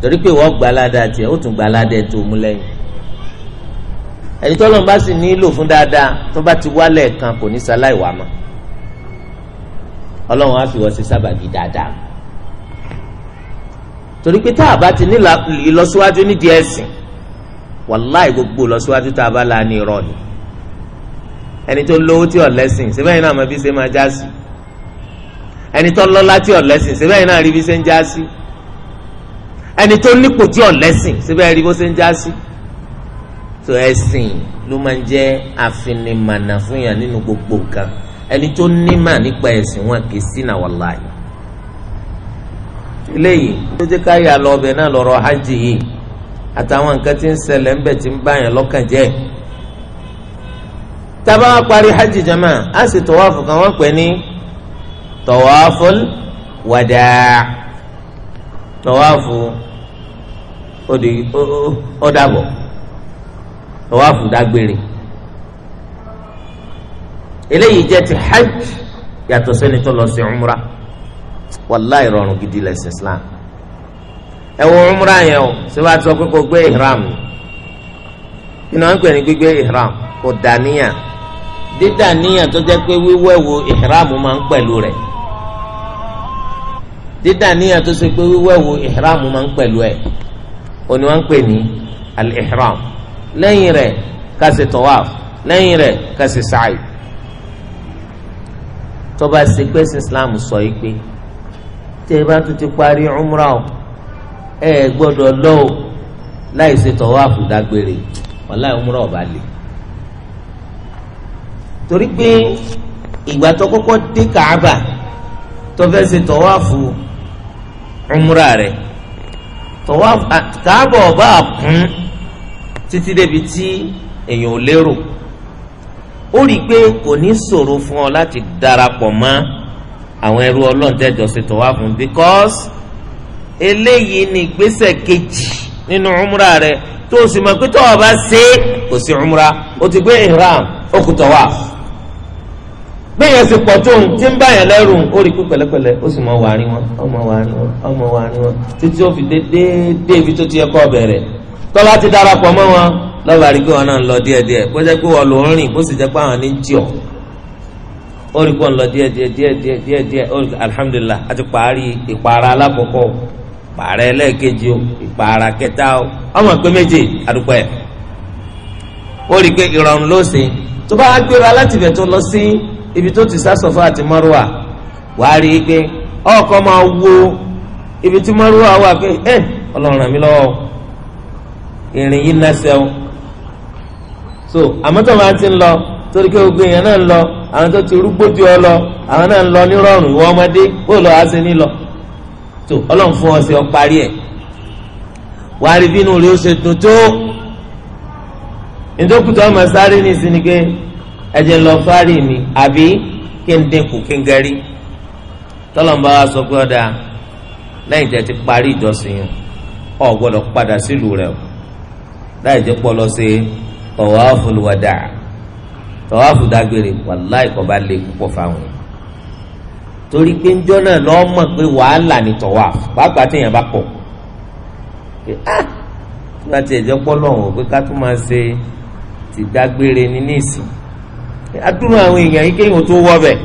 torí pé wọ́n gba aládé tiẹ̀ ó tún gba aládé tó mú lẹ́yìn ẹni tọ́lọ́mù bá sì nílò fún dáadáa tó bá ti wálẹ̀ kan kò ní sáláì wà mọ́ ọlọ́run á fi wọ́n ṣe sábàbí dáadáa torí pé tá a bá ti ní ìlọsíwájú nídìí ẹ̀sìn wàláì gbogbo ìlọsíwájú tá a bá la ní irọ́ ni ẹni tó lówó tí ò lẹ́sìn síbẹ̀ yìí náà mọ bí ṣe máa já sí ẹni tó lọ́lá tí ò lẹ́sìn síbẹ̀ yìí náà rí bí ṣe ń já sí ẹni tó nípò tí ò lẹ́sìn síbẹ̀ rí bó ṣe ń já sí tó ẹ̀sìn ló máa ń jẹ́ àfinimànà fún yàn nínú gbogbo nǹkan. ẹni tó nímà nípa ẹ̀sìn wọn kì í ṣìnà wàláhì eléyìí tó jẹ́ ká yà lọ ọbẹ̀ náà lọ́rọ̀ hajj yìí àtàwọn nǹkan ti ń ṣẹlẹ̀ ń bẹ̀ tí ń báyàn lọ́kàn jẹ́ tábà wá parí hajj jama á sì tọ̀wáfù kan wọ́n pè ní tọ̀wáfùl wàdàá tọ̀wáfù ọ̀dàbọ̀ tọ̀wáfù dágbére. eléyìí jẹ́ ti hajj yàtọ̀ sẹ́ni tó lọ sí umra wàláì rọrùn gidi lẹ́sìn islam ẹ wo umra yẹn o síbá tó pé kó gbé ihram iná ń pè ní gbígbé ihram kò dàníyàn dídà níyàn tó jẹ́ pé wíwẹ̀wò ihram máa ń pẹ̀lú rẹ̀ dídà níyàn tó ṣe pé wíwẹ̀wò ihram máa ń pẹ̀lú ẹ̀ òní wọ́n pè ní al-ihram lẹ́yìn rẹ̀ ká ṣe tawaf lẹ́yìn rẹ̀ ká tó bá ṣe pé ẹ̀sìn islam sọ yìí pé tẹ́ ẹ bá tún ti parí umra o ẹ ẹ gbọ́dọ̀ lọ o láì ṣe tọwáàfù dágbére wàláì umra ọba lè torí pé ìgbà tó kọ́kọ́ dé Kaaba tó fẹ́ ṣe tọwáàfù umra rẹ̀ tọwáàfù ọba kún títí débi tí èèyàn ò lérò ó rí i pé kò ní ṣòro fún ọ láti darapọ̀ mọ́ àwọn ẹrú ọlọ́run tẹ́jọ́ ṣe tọ́wá fún because eléyìí ni ìgbésẹ̀ kejì nínú umra rẹ tó o sì mọ̀ pé tọ́wọ́ bá ṣe é kò sí umra o ti gbé ihram ó kù tọ́wá bẹ́ẹ̀ yẹn ṣe pọ̀ tó ń tí ń bá yẹn lẹ́rù ó rí i pé pẹ̀lẹ́pẹ̀lẹ́ ó sì mọ wàárín wọn ọmọ wàárín wọn ọmọ wàárín wọn títí ó fi dé dé dé tó ti yẹ kó bẹ̀rẹ̀ tọ́lá ti darapọ̀ mọ́ wọn lọ́ba rí wọn náà ń lọ díẹ̀díẹ̀ kó jẹ́ pé wọn lò ń rìn bó sì jẹ́ pé àwọn ní ń ó rí lọ díẹ̀díẹ̀ díẹ̀díẹ̀ díẹ̀díẹ̀ ó rí parí ìpara alákọ̀ọ́kọ́ ẹlẹ́ẹ̀kejì o ìpara kẹta o ọmọ pé méje àdúgbò ó rí pé ìrọ̀rùn ló tó bá gbéra láti ibẹ̀ ibi tó ti sásọ̀fà àti márùwà wàá rí i pé ọkọ̀ máa wo ibi tí wà pé eh, ẹ so àmọ́ tó máa ti ń lọ torí pé ogun èèyàn náà ń lọ àwọn ti rúgbó di ọ lọ àwọn náà ń lọ ní rọrùn ìwọ ọmọdé ó lọ àṣẹ nílọ tó ọlọ́run fún ọ sí ọ parí ẹ̀ wàá rí bínú rẹ ó ṣe dùn tó ìdókùtà ọmọ sáré ní ìsinmi ẹ̀jẹ̀ lọ mi àbí kí n dínkù kí n gẹrí tọ́lọ́mùbá wa sọ pé ti parí ìjọsìn ọ̀ gbọ́dọ̀ padà sílùú rẹ̀ tawaful wada tawafu dágbére wàláì kò bá lè púpọ̀ fáwọn yẹn torí pé njọ́ náà nọ mọ̀ pé wàhálà ni tawaf pàápàá bá pọ̀ pé ah nígbà tí ẹ̀jẹ̀ pọ̀ lọ́wọ́ pé ká tún máa ṣe ti dágbére ní nísìn adúmọ̀ àwọn èèyàn yìí kéèyàn tó wọ́ bẹ̀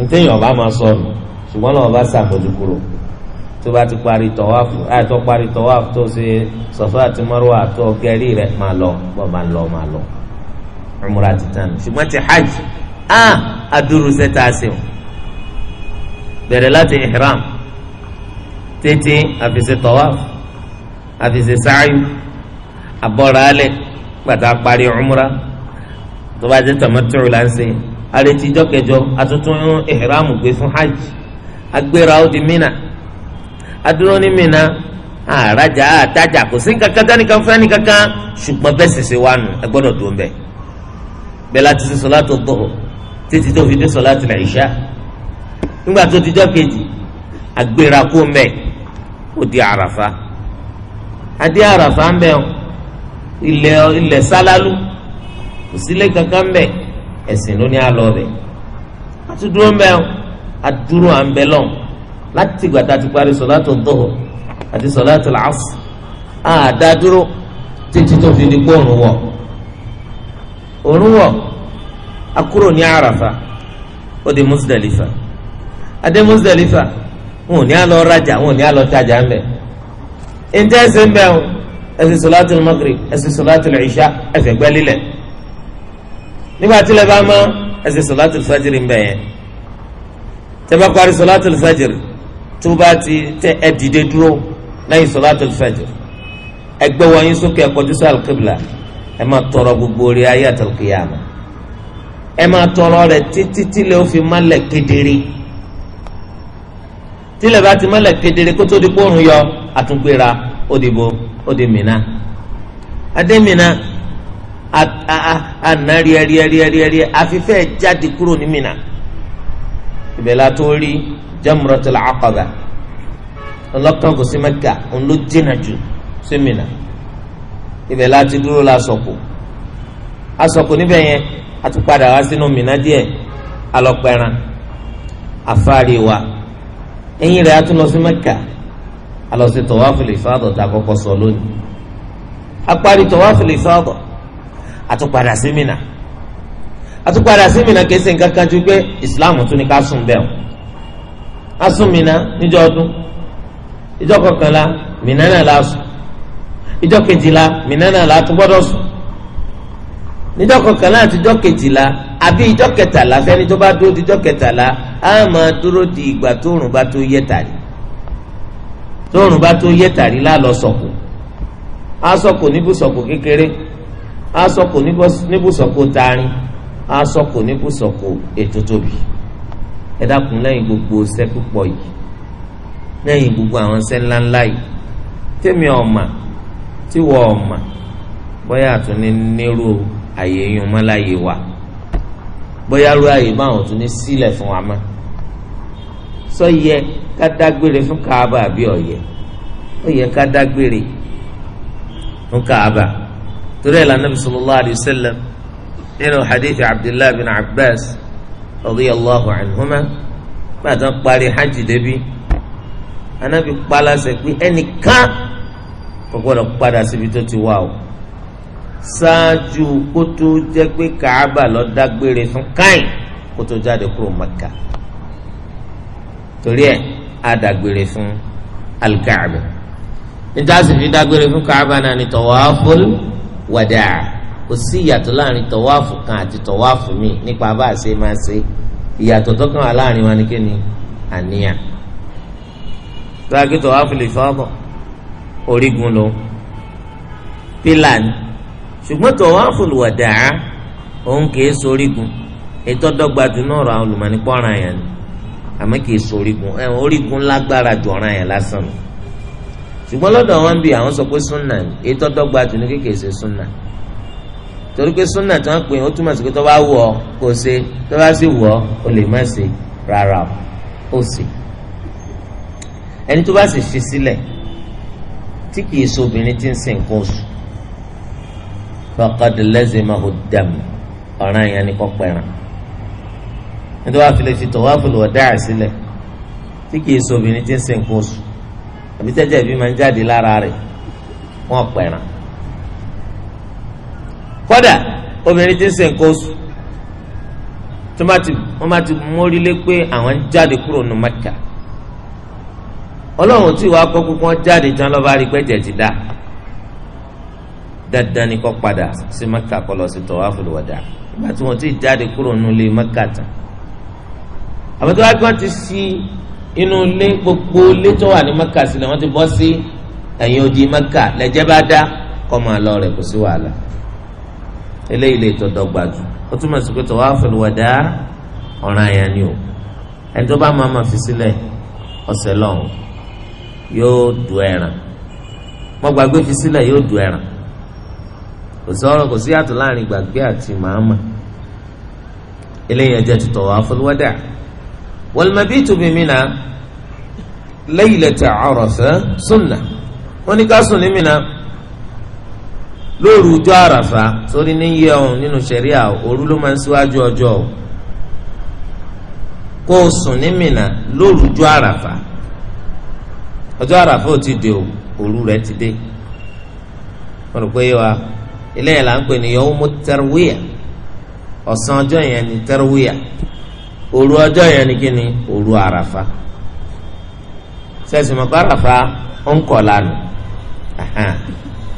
ní bá máa tó bá ti parí tọ́wáfù àìtọ́ parí tọ́wáfù tó ṣe sọ̀fà àti mọ́rùwà tó gẹ̀rí rẹ̀ máa lọ bọ́ máa lọ máa lọ umrah ti tán ṣùgbọ́n ti hajj á adúrú sẹ́ta ṣe o bẹ̀rẹ̀ láti ihram tètè àfìṣe tọ́wáfù àfìṣe sáyù àbọ̀rọ̀ alẹ̀ gbàtà parí umrah tó bá jẹ́ tàmátùrù là ń ṣe àrètí ìjọ atuntun ihram gbé fún hajj agbéra ó di Mínà. adúró ní Mínà àràjà àtàjà kò sí kankan tánìkan fún ẹnìkankan ṣùgbọ́n bẹ́ẹ̀ ṣẹṣẹ wà nù ẹ gbọ́dọ̀ dùn bẹ́ẹ̀ bẹ́ẹ̀ láti ṣe sọ́láàtì Duhur títí tó fi dé sọ́láàtì Ìṣá nígbà tó dijọ́ kejì agbèrà di àràfà adé àràfà ń ilẹ̀ ilẹ̀ sálálú kò kankan ẹ̀sìn ló ní àlọ́ àtúndúró ń láti gbàtà ti parí sọ̀látò dọ̀hùr àti sọ̀látò làásù àdádúró títí tó fi di pé òrùn wọ̀ òrùn wọ̀ akúrò ní àràfà ó di Muzdalifa adé Muzdalifa wọn ò ní àlọ́ rajà wọn ò ní àlọ́ tajà ń bẹ̀ ǹjẹ́ ẹsẹ̀ ń bẹ̀ ọ́ ẹsẹ̀ sọ̀látò Maghrib ẹsẹ̀ sọ̀látò Isha ẹsẹ̀ gbẹ́lílẹ̀ nígbà tí lè bá mọ́ ẹsẹ̀ sọ̀látò fajiri ń bẹ̀ yẹn tẹ́ bá parí sọ̀látò fajiri tó bá ti tẹ ẹ dìde dúró lẹ́yìn sọlátul fajr ẹgbẹ́ wọ̀nyí sókè ẹkọjú sí alqibla ẹ máa tọrọ gbogbo orí ayé àtàlùkìyàmà ẹ máa tọrọ rẹ̀ títí tílẹ̀ ó fi mọ́lẹ̀ kedere tílẹ̀ bá ti mọ́lẹ̀ kedere kó tó di kóòrùn yọ àtúngbéra ó di bo ó di Mínà adé Mínà àná rí ẹ rí ẹ rí ẹ rí ẹ àfifẹ́ jáde kúrò ní Mínà ìbẹ̀lá tó rí jamratul aqaba ọlọ́kàn kò sí mẹ́kà òun ló jìnnà jù sí Mínà ibẹ̀ láti dúró la sọ̀kò asọ̀kò níbẹ̀ yẹn a tún padà wá sínú Mínà díẹ̀ alọ́pẹ̀ran afárí wa ẹ̀yìn rẹ̀ a tún lọ sí mẹ́kà alọ́sí tọ̀wáfìlì fáàdọ̀ tá a sọ lónìí apárí tọ̀wáfìlì fáàdọ̀ a tún padà sí Mínà a nǹkan kan ju pé ìsìláàmù tún ní ká sùn bẹ́ẹ̀ o asún mina níjọ́ ọdún ìjọ́ kọkànlá mina náà la sùn ìjọ́ kejìlá mina náà la tún gbọ́dọ̀ sùn níjọ́ kọkànlá àti ìjọ́ kejìlá àbí ìjọ́ kẹtàlá fẹ́ni tó bá dúró di ìjọ́ kẹtàlá á máa dúró di ìgbà tóòrùn bá tó yẹ tàrí tóòrùn bá tó yẹ tàrí lálọ sọkò á sọkò níbùsọkò kékeré á sọkò níbùsọkò taarin á sọkò ètò tóbi ẹ dákun lẹ́yìn gbogbo ṣẹ́ púpọ̀ yìí lẹ́yìn gbogbo àwọn ṣẹ́ ńláńlá yìí tèmi ọ̀mà tí wọ́n ọ̀mà bóyá àtúní nírú àyè yín ọmọláyè wa bóyá ru àyè báwọn tún ní sílẹ̀ fún wa mọ́ sọ yẹ ká dágbére fún Káàbà àbí ọ̀yẹ ó yẹ ká dágbére fún Káàbà torí ẹ̀ la Nabi sallallahu nínú hadithi Abdullahi bin Abbas radiyallahu anhuma gbàtà parí hajj débi anabi kpalasẹ pé ẹnìkan kò gbọdọ̀ padà síbi tó ti wá o ṣáájú kó tó jẹ́ pé Kaaba lọ dágbére fún káyìn kó tó jáde kúrò Maka torí ẹ̀ á dágbére fún alikaaba níta sì fi dágbére fún Kaaba náà ní tawaful wadaa kò sí ìyàtọ̀ láàrin tọ̀wáàfù kan àti tọ̀wáàfù míì nípa bá a ṣe máa ṣe ìyàtọ̀ tó kàn wá láàrin wa ni kí ni àníyàn. tọ́wáàfù tọ̀wáàfù lè fọ́ọ̀bọ̀ orígun ló pílà ni ṣùgbọ́n tọ̀wáàfù wàdàá òun kìí sorígun ètò ọ̀dọ́gba dunú ọ̀rọ̀ àwọn olùmọ̀nìpọ̀ràn yẹn ni àmọ́ kìí sorígun ẹ̀ orígun lágbára jọ̀ràn yẹn lásán ṣùgbọ́n lọ́dọ̀ wọn bí àwọn sọ pé súnà ètò ọ̀dọ́gba dunú kékeré ṣe súnà torí pé súnà tí wọ́n pè é ó túmọ̀ sí pé tó bá wù ọ́ kó o ṣe tó bá sì wù ọ́ o lè má ṣe rárá o ó ṣe ẹni tó bá sì fi sílẹ̀ tí kìí ṣe obìnrin tí ń sin nǹkan oṣù faqad lazimahu ad-dam ọ̀ràn yẹn ni kò pẹ̀ràn nítorí wàá fi lè fi tawaful wada'a sílẹ̀ tí kìí ṣe obìnrin tí ń sin nǹkan oṣù àbí tẹ́jẹ̀ bí máa ń jáde lára rẹ̀ wọ́n pẹ̀ràn kódà obìnrin ti ń ṣe nǹkan oṣù tó má ti wọ́n má ti mórí lé pé àwọn ń jáde kúrò ní Mẹ́kà ọlọ́run tí wàá kọ́ kókó jáde tán lọ́ba rí pẹ́jẹ́ ti dá dandan ni kó padà sí Mẹ́kà kó lọ sí tawaful wada nígbà tí wọ́n ti jáde kúrò nílé Mẹ́kà tán àwọn tó wá kí ti sí inú ilé gbogbo ilé tó wà ní Mẹ́kà sílẹ̀ wọ́n ti bọ́ sí ẹ̀yìn odi Mẹ́kà lẹ́jẹ́ bá dá kó máa lọ rẹ̀ kó sí wàhálà eléyìí lè tọ́dọ̀ gbàdú ó túmọ̀ sí pé tawaful wada ọ̀ràn àyàn ni o ẹni tó bá máa ma fi sílẹ̀ ọ̀sẹ̀ lọ́hùn yóò du ẹ̀ràn mo gbàgbé fi sílẹ̀ yóò du ẹ̀ràn kò sí ọ̀rọ̀ kò sí yàtọ̀ láàrin gbàgbé àti màámà eléyìí ẹjẹ ti tawaful wada wal mabitu bi Mina laylata Arafa sunnah wọn ni ká sùn Mina. lóru ọjọ́ àràfà sórí níyẹ ọ̀hún nínú sẹ̀ríà òru ló máa ń síwájú ọjọ́ o kó o sùn ní Mínà lóru ọjọ́ àràfà ọjọ́ àràfà ò ti dé o òru rẹ̀ ti dé wọn rò pé ilé yẹn là ń pè ní ọ̀sán ọjọ́ yẹn ni tẹrúwìyà òru ọjọ́ yẹn ni kíni òru àràfà sẹ́sìmọ̀kọ́ àràfà ń kọ̀ lánàá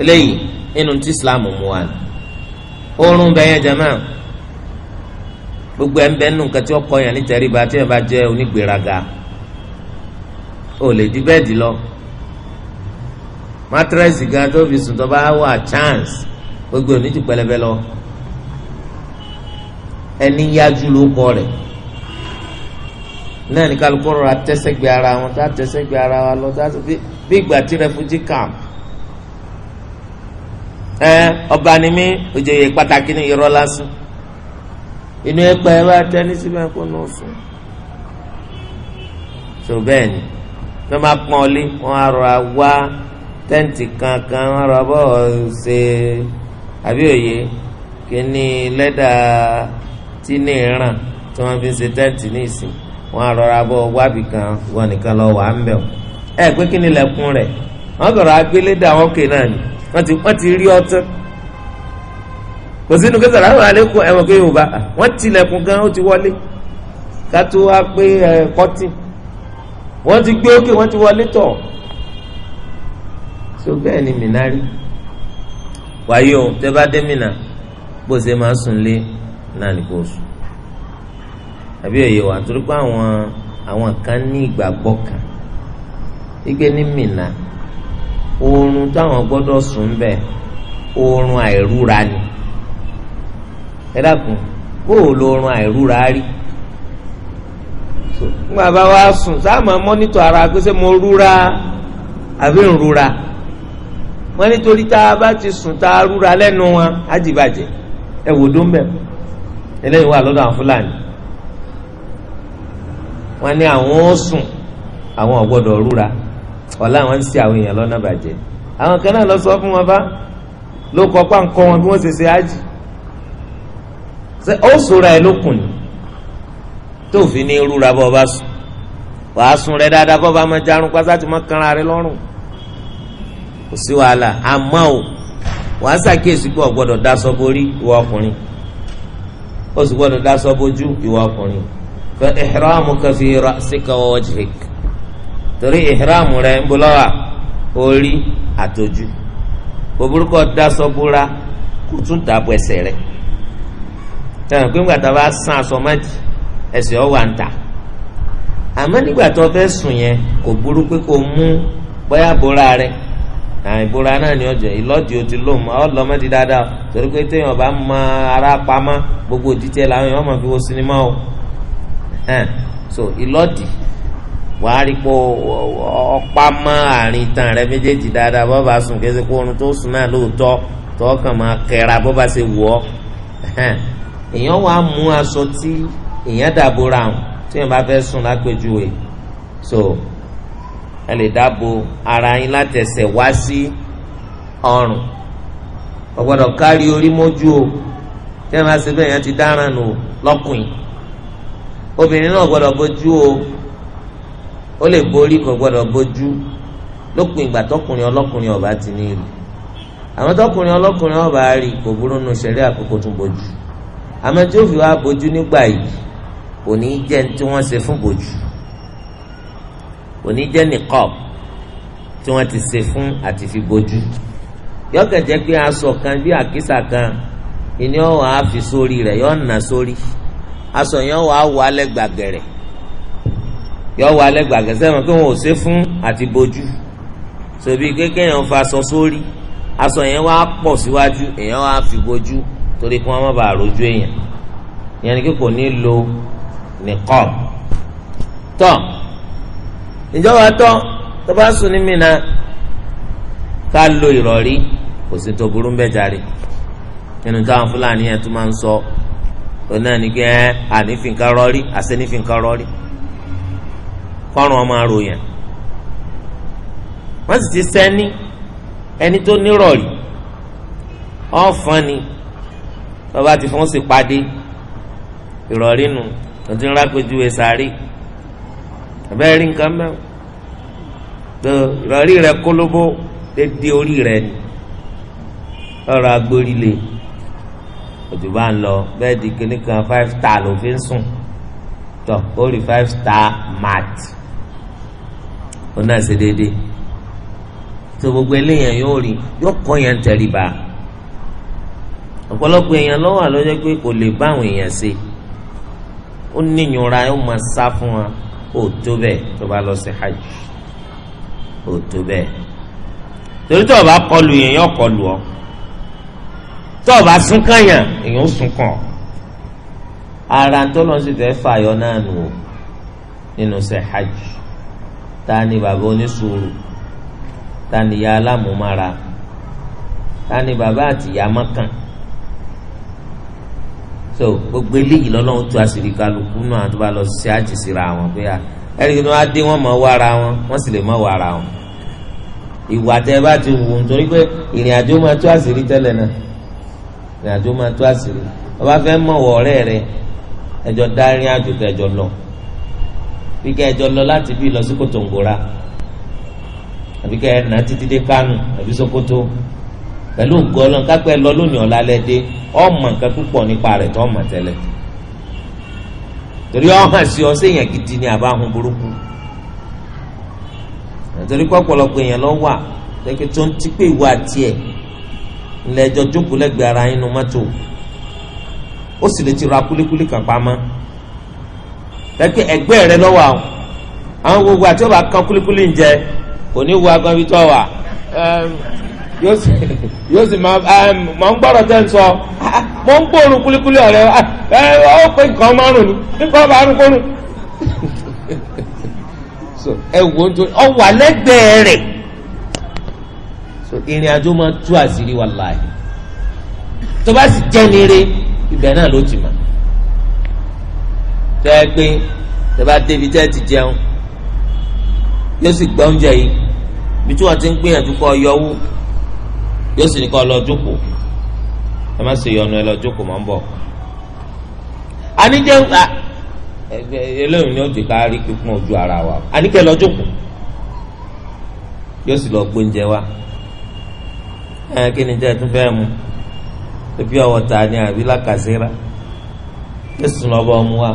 eléyìí inú tí islam mú wa ni oorun bẹ́ẹ̀ yẹn jama gbogbo ẹ̀ ń bẹ́ẹ̀ nù kẹ́tí ọkọ yẹn ní tẹríba tí yẹn bá jẹ́ onígbèraga ò lè ju bẹ́ẹ̀dì lọ matrẹ́sì gan tó fi sùn tó bá wà chance gbogbo ẹ̀ ní ju pẹlẹbẹ lọ ẹni yájú ló kọ rẹ̀ náà ní kálukú rọra tẹ́sẹ̀gbẹ́ ara wọn tá tẹ́sẹ̀gbẹ́ ara wa lọ tá bí ìgbà tí refugee camp ẹ ọba ni mí òjòyè pàtàkì ni irọ́ lásán inú ẹgbẹ́ ẹ bá ní síbẹ̀ kó nù fún tó bẹ́ẹ̀ ni máa pọ́n ọlé wọn á rọra wá tẹ́ǹtì kankan wọn rọ ṣe àbí kíní lẹ́dà tí ní tí wọ́n fi ń ṣe tẹ́ǹtì ní ìsìn bọ́ wábì kan wọn nìkan lọ wà á ń kíní lẹ́kùn rẹ̀ wọ́n dà kè ni. wọ́n ti wọ́n ti rí ọtán kò sínú kí sàlámù alẹ́kùn ẹ̀wọ̀n kí yorùbá wọ́n tilẹ̀kùn gan ó ti wọlé ká tó wá pé ẹ̀ kọ́tì wọ́n ti gbé òkè wọ́n ti wọlé tọ̀ so bẹ́ẹ̀ ni mìíràn rí wáyé o tẹ́ bá dé mìíràn bó ṣe máa sùn lé náà ní kò sùn àbí òye wa torí pé àwọn àwọn kan ní ìgbàgbọ́ kan igbe ní mìíràn oorun táwọn gbọ́dọ̀ sùn bẹ́ẹ̀ oorun àìrúra ni ẹ dákun o lo àìrúra rí nígbà bá wa sùn sáàmà mọ́nítọ̀ ara pé ṣé mo rúra àbí ń rúra wọ́n nítorí tá a bá ti sùn tá a rúra lẹ́nu wọn á ti bàjẹ́ ẹ wò dó ń bẹ̀ wà lọ́dọ̀ àwọn fúlàní wọ́n ní ọ̀la àwọn ń ṣe àwọn èèyàn lọ́nà bàjẹ́ àwọn kan náà lọ sọ fún wọn bá ló kọ́ pàǹkọ́ wọn bí wọ́n ṣe ṣe ájì ó sòra ẹ̀ lókun ni tó fi ní rúra bọ́ bá sùn wàá sùn rẹ dáadáa kọ́ bá máa jarun pásá tí máa kanra rẹ lọ́rùn kò sí wàhálà àmọ́ o wàá ṣàkíyèsí pé o gbọ́dọ̀ daṣọ borí ìwọ ọkùnrin o sì gbọ́dọ̀ daṣọ bojú ìwọ ọkùnrin fa ihramuka fi ra'sika wa wajhika torí ìhìrámù rẹ̀ ń bolọ́ orí àtọ́jú kò tún dàbọ̀ ẹsẹ̀ tẹ̀wọ̀n pé tá a bá sàn aṣọ méjì ẹsẹ̀ ọ̀ wà ń tà àmọ́ nígbà tó fẹ́ sùn yẹn kò burú pé kò mú bóyá bóra náà ni ìlọ́dì ó ti dáadáa torí pé téèyàn bá mọ ara pamọ́ gbogbo làwọn èèyàn fi wo sinimá o so ìlọ́dì wàá rí pé ọ̀pá mọ́ àárín tan rẹ méjèèjì dáadáa bọ́ba sùn kése kó oorun tó sùn náà lóòótọ́ tọ́kàn máa kẹra bọ́ba ṣe wù ọ́ èèyàn wàá mú aṣọ tí èèyàn dàbora hàn tí èèyàn bá fẹ́ sùn lápèjúwe so ẹ lè dáàbò ara yín látẹsẹ̀ wá sí ọrùn ó gbọ́dọ̀ kárí orí mójú o tí èèyàn bá ṣe bẹ́ẹ̀ yẹn ti dáràn nù lọ́kùnrin obìnrin náà ó bójú o ó lè borí kò gbọdọ̀ bójú lópin ìgbà tọkùnrin ọlọ́kùnrin ọba ti ní rí àwọn tọkùnrin ọlọ́kùnrin ọba rí kò burú nu sẹ̀rí àkókò tún bójú àmọ́ tí ó fi wá bójú nígbà yìí kò ní jẹ́ tí wọ́n ṣe fún bójú kò ní jẹ́ nìkọ́ọ̀bù tí wọ́n ti ṣe fún àti fi bójú yọkàn pé aṣọ kan bí àkísà kan ìní ọ̀hún á fi sórí rẹ̀ yọ̀ọ̀nà sórí aṣọ yẹn wàá wọ alẹ́ gbàgẹ̀rẹ̀ yọ wà lẹ́gbàgẹ́ sẹ́wọ̀n pé wọn ò ṣe fún àti bojú sobi kékeré yẹn fa aṣọ sórí aṣọ yẹn wá pọ̀ síwájú èèyàn wá fi bojú torí kí wọ́n má bàa rojú èèyàn ìyẹn ni kò ní lo nìkọ́ tọ́ ìjọba tọ́ tó bá sùn ní mìíràn ká lo ìrọ̀rí kò sí tó burú bẹ́ẹ̀ járe nínú táwọn fúlàní yẹn tó máa ń sọ ọ náà ní kí ẹ ànífìǹkan àṣẹ nífìǹkan rọrí kọ́run ọmọ àròyàn wọ́n sì ti sẹ́ni ẹni tó nírọ̀rí ọ̀fọ́n ni bàbá ti fún sí padé ìrọ̀rí nu tòtí ńlá péjú esàárì abẹ́rẹ́ rí nǹkan mẹ́wọ́ tó ìrọ̀rí rẹ kólóbó dédé orí rẹ ni ọ̀rọ̀ agbórí le òjò bá ń lọ bẹ́ẹ̀ di kíní kan five star ló fi ń sùn tó ó rí five star mat ó náà ṣe déédéé tó gbogbo eléyàn yóò rí yóò kọ́ yẹn tẹríba ọ̀pọ̀lọpọ̀ èèyàn lọ́wọ́ àlọ́jọ́ pé kò lè bá àwọn èèyàn ṣe ó níyànra ó máa sá fún wọn ó tó bẹ́ẹ̀ tó bá lọ sí hajj ó tó bẹ́ẹ̀ torí tó o bá kọlu yẹn yóò kọlu ọ tó o bá sún kànyàn èèyàn ó sún kàn ara tó lọ sí fẹ́ fàyọ náà nù nínú ṣe hajj ta ni bàbá onísùúrù ta ni ya alámúmára ta ni bàbá àtìyá mọ́kàn so gbogbo eléyìí lọ́lọ́run tú àṣírí kálukú náà tó bá lọ sí àjẹsíra wọn pé à ẹnìkan tó wá dé wọn mọ̀ wára wọn wọ́n sì lè mọ̀ wára wọn ìwà tẹ́ bá ti wù nítorí pé ìrìn máa tú àṣírí tẹ́lẹ̀ náà ìrìn máa tú àṣírí ọba fẹ́ mọ̀ wọ ọ̀rẹ́ rẹ ẹjọ́ dá ìrìn kẹjọ lọ. wíkẹ́ ẹjọ́ lọ láti bí lọ sí kòtòǹgòrà àbí kẹ́ ẹ nà títí dé kánú àbí sokoto pẹ̀lú ògùn ọlọ́run kápẹ́ lọ lónìí ọ̀la ọmọ nǹkan púpọ̀ nípa rẹ̀ tó ọmọ tẹ́lẹ̀ torí ọmọ sí ọ séèyàn gidi ni àbáhùn burúkú nítorí èèyàn lọ wà lẹ́kẹ́ tó ń tipé ìwà tiẹ̀ ńlẹ́jọ́ jókòó lẹ́gbẹ̀ẹ́ ara yín nu mọ́tò ó sì ti ra kulikuli tẹ́kí ẹgbẹ́ rẹ lọ́wọ́ àwọn àwọn gbogbo àti ọba kan kúlíkúlí ń jẹ kò ní wo agbọn ibi tó ma yóò sì máa ń gbọ́dọ̀ tẹ́ ń sọ mọ̀ ń gbóòórùn kúlíkúlí ọ̀rẹ́ ọ nǹkan márùn ni ẹ wò ó ọ wà lẹ́gbẹ̀ẹ́ rẹ̀ ìrìn àjò máa tú àṣírí tó bá sì jẹ́ nire ibẹ̀ tẹ́ ẹ pé tẹ́ bá débi tẹ́ ẹ ti jẹun yóò sì gbọ́ oúnjẹ yìí bí tí wọ́n ti ń gbìyànjú kọ́ yọwú yóò sì ní kọ́ lọ jókòó ẹ má ṣe yọnu ẹ lọ jókòó mọ́ ń bọ̀. àníjẹ́ eléyìí ni ó ti ká rí pípọ́n ojú ara wa àníkẹ́ lọ jókòó yóò sì lọ gbóúnjẹ wa ẹ kí ni jẹ́ ẹ tún fẹ́ mu ebi ọwọ́ ta ni àbí lákàṣẹ́ra yóò sì lọ bọ́ ọmú wa.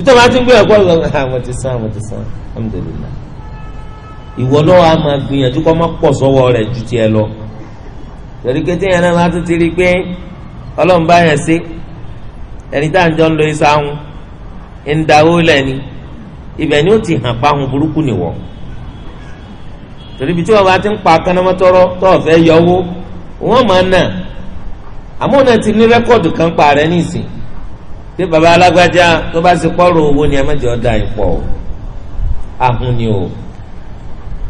peter máa ti ń gbé ẹ̀kọ́ lọ àwọn ah, ti sàn àwọn ti sàn alhamdulilah ìwọ lọ́wọ́ a máa gbìyànjú kọ́ máa pọ̀ sọ́wọ́ lọ náà ti rí pé ọlọ́run bá yẹn sí ẹni tá à ń jọ ń lo lẹ́ni ibẹ̀ ni ó o ti ní rẹ́kọ̀dù kan pa rẹ̀ pé baba alágbájá tó bá ti pọ́rọ̀ owó ni ẹ má jẹ́ ọ̀dà ìpọ̀ ahun ni o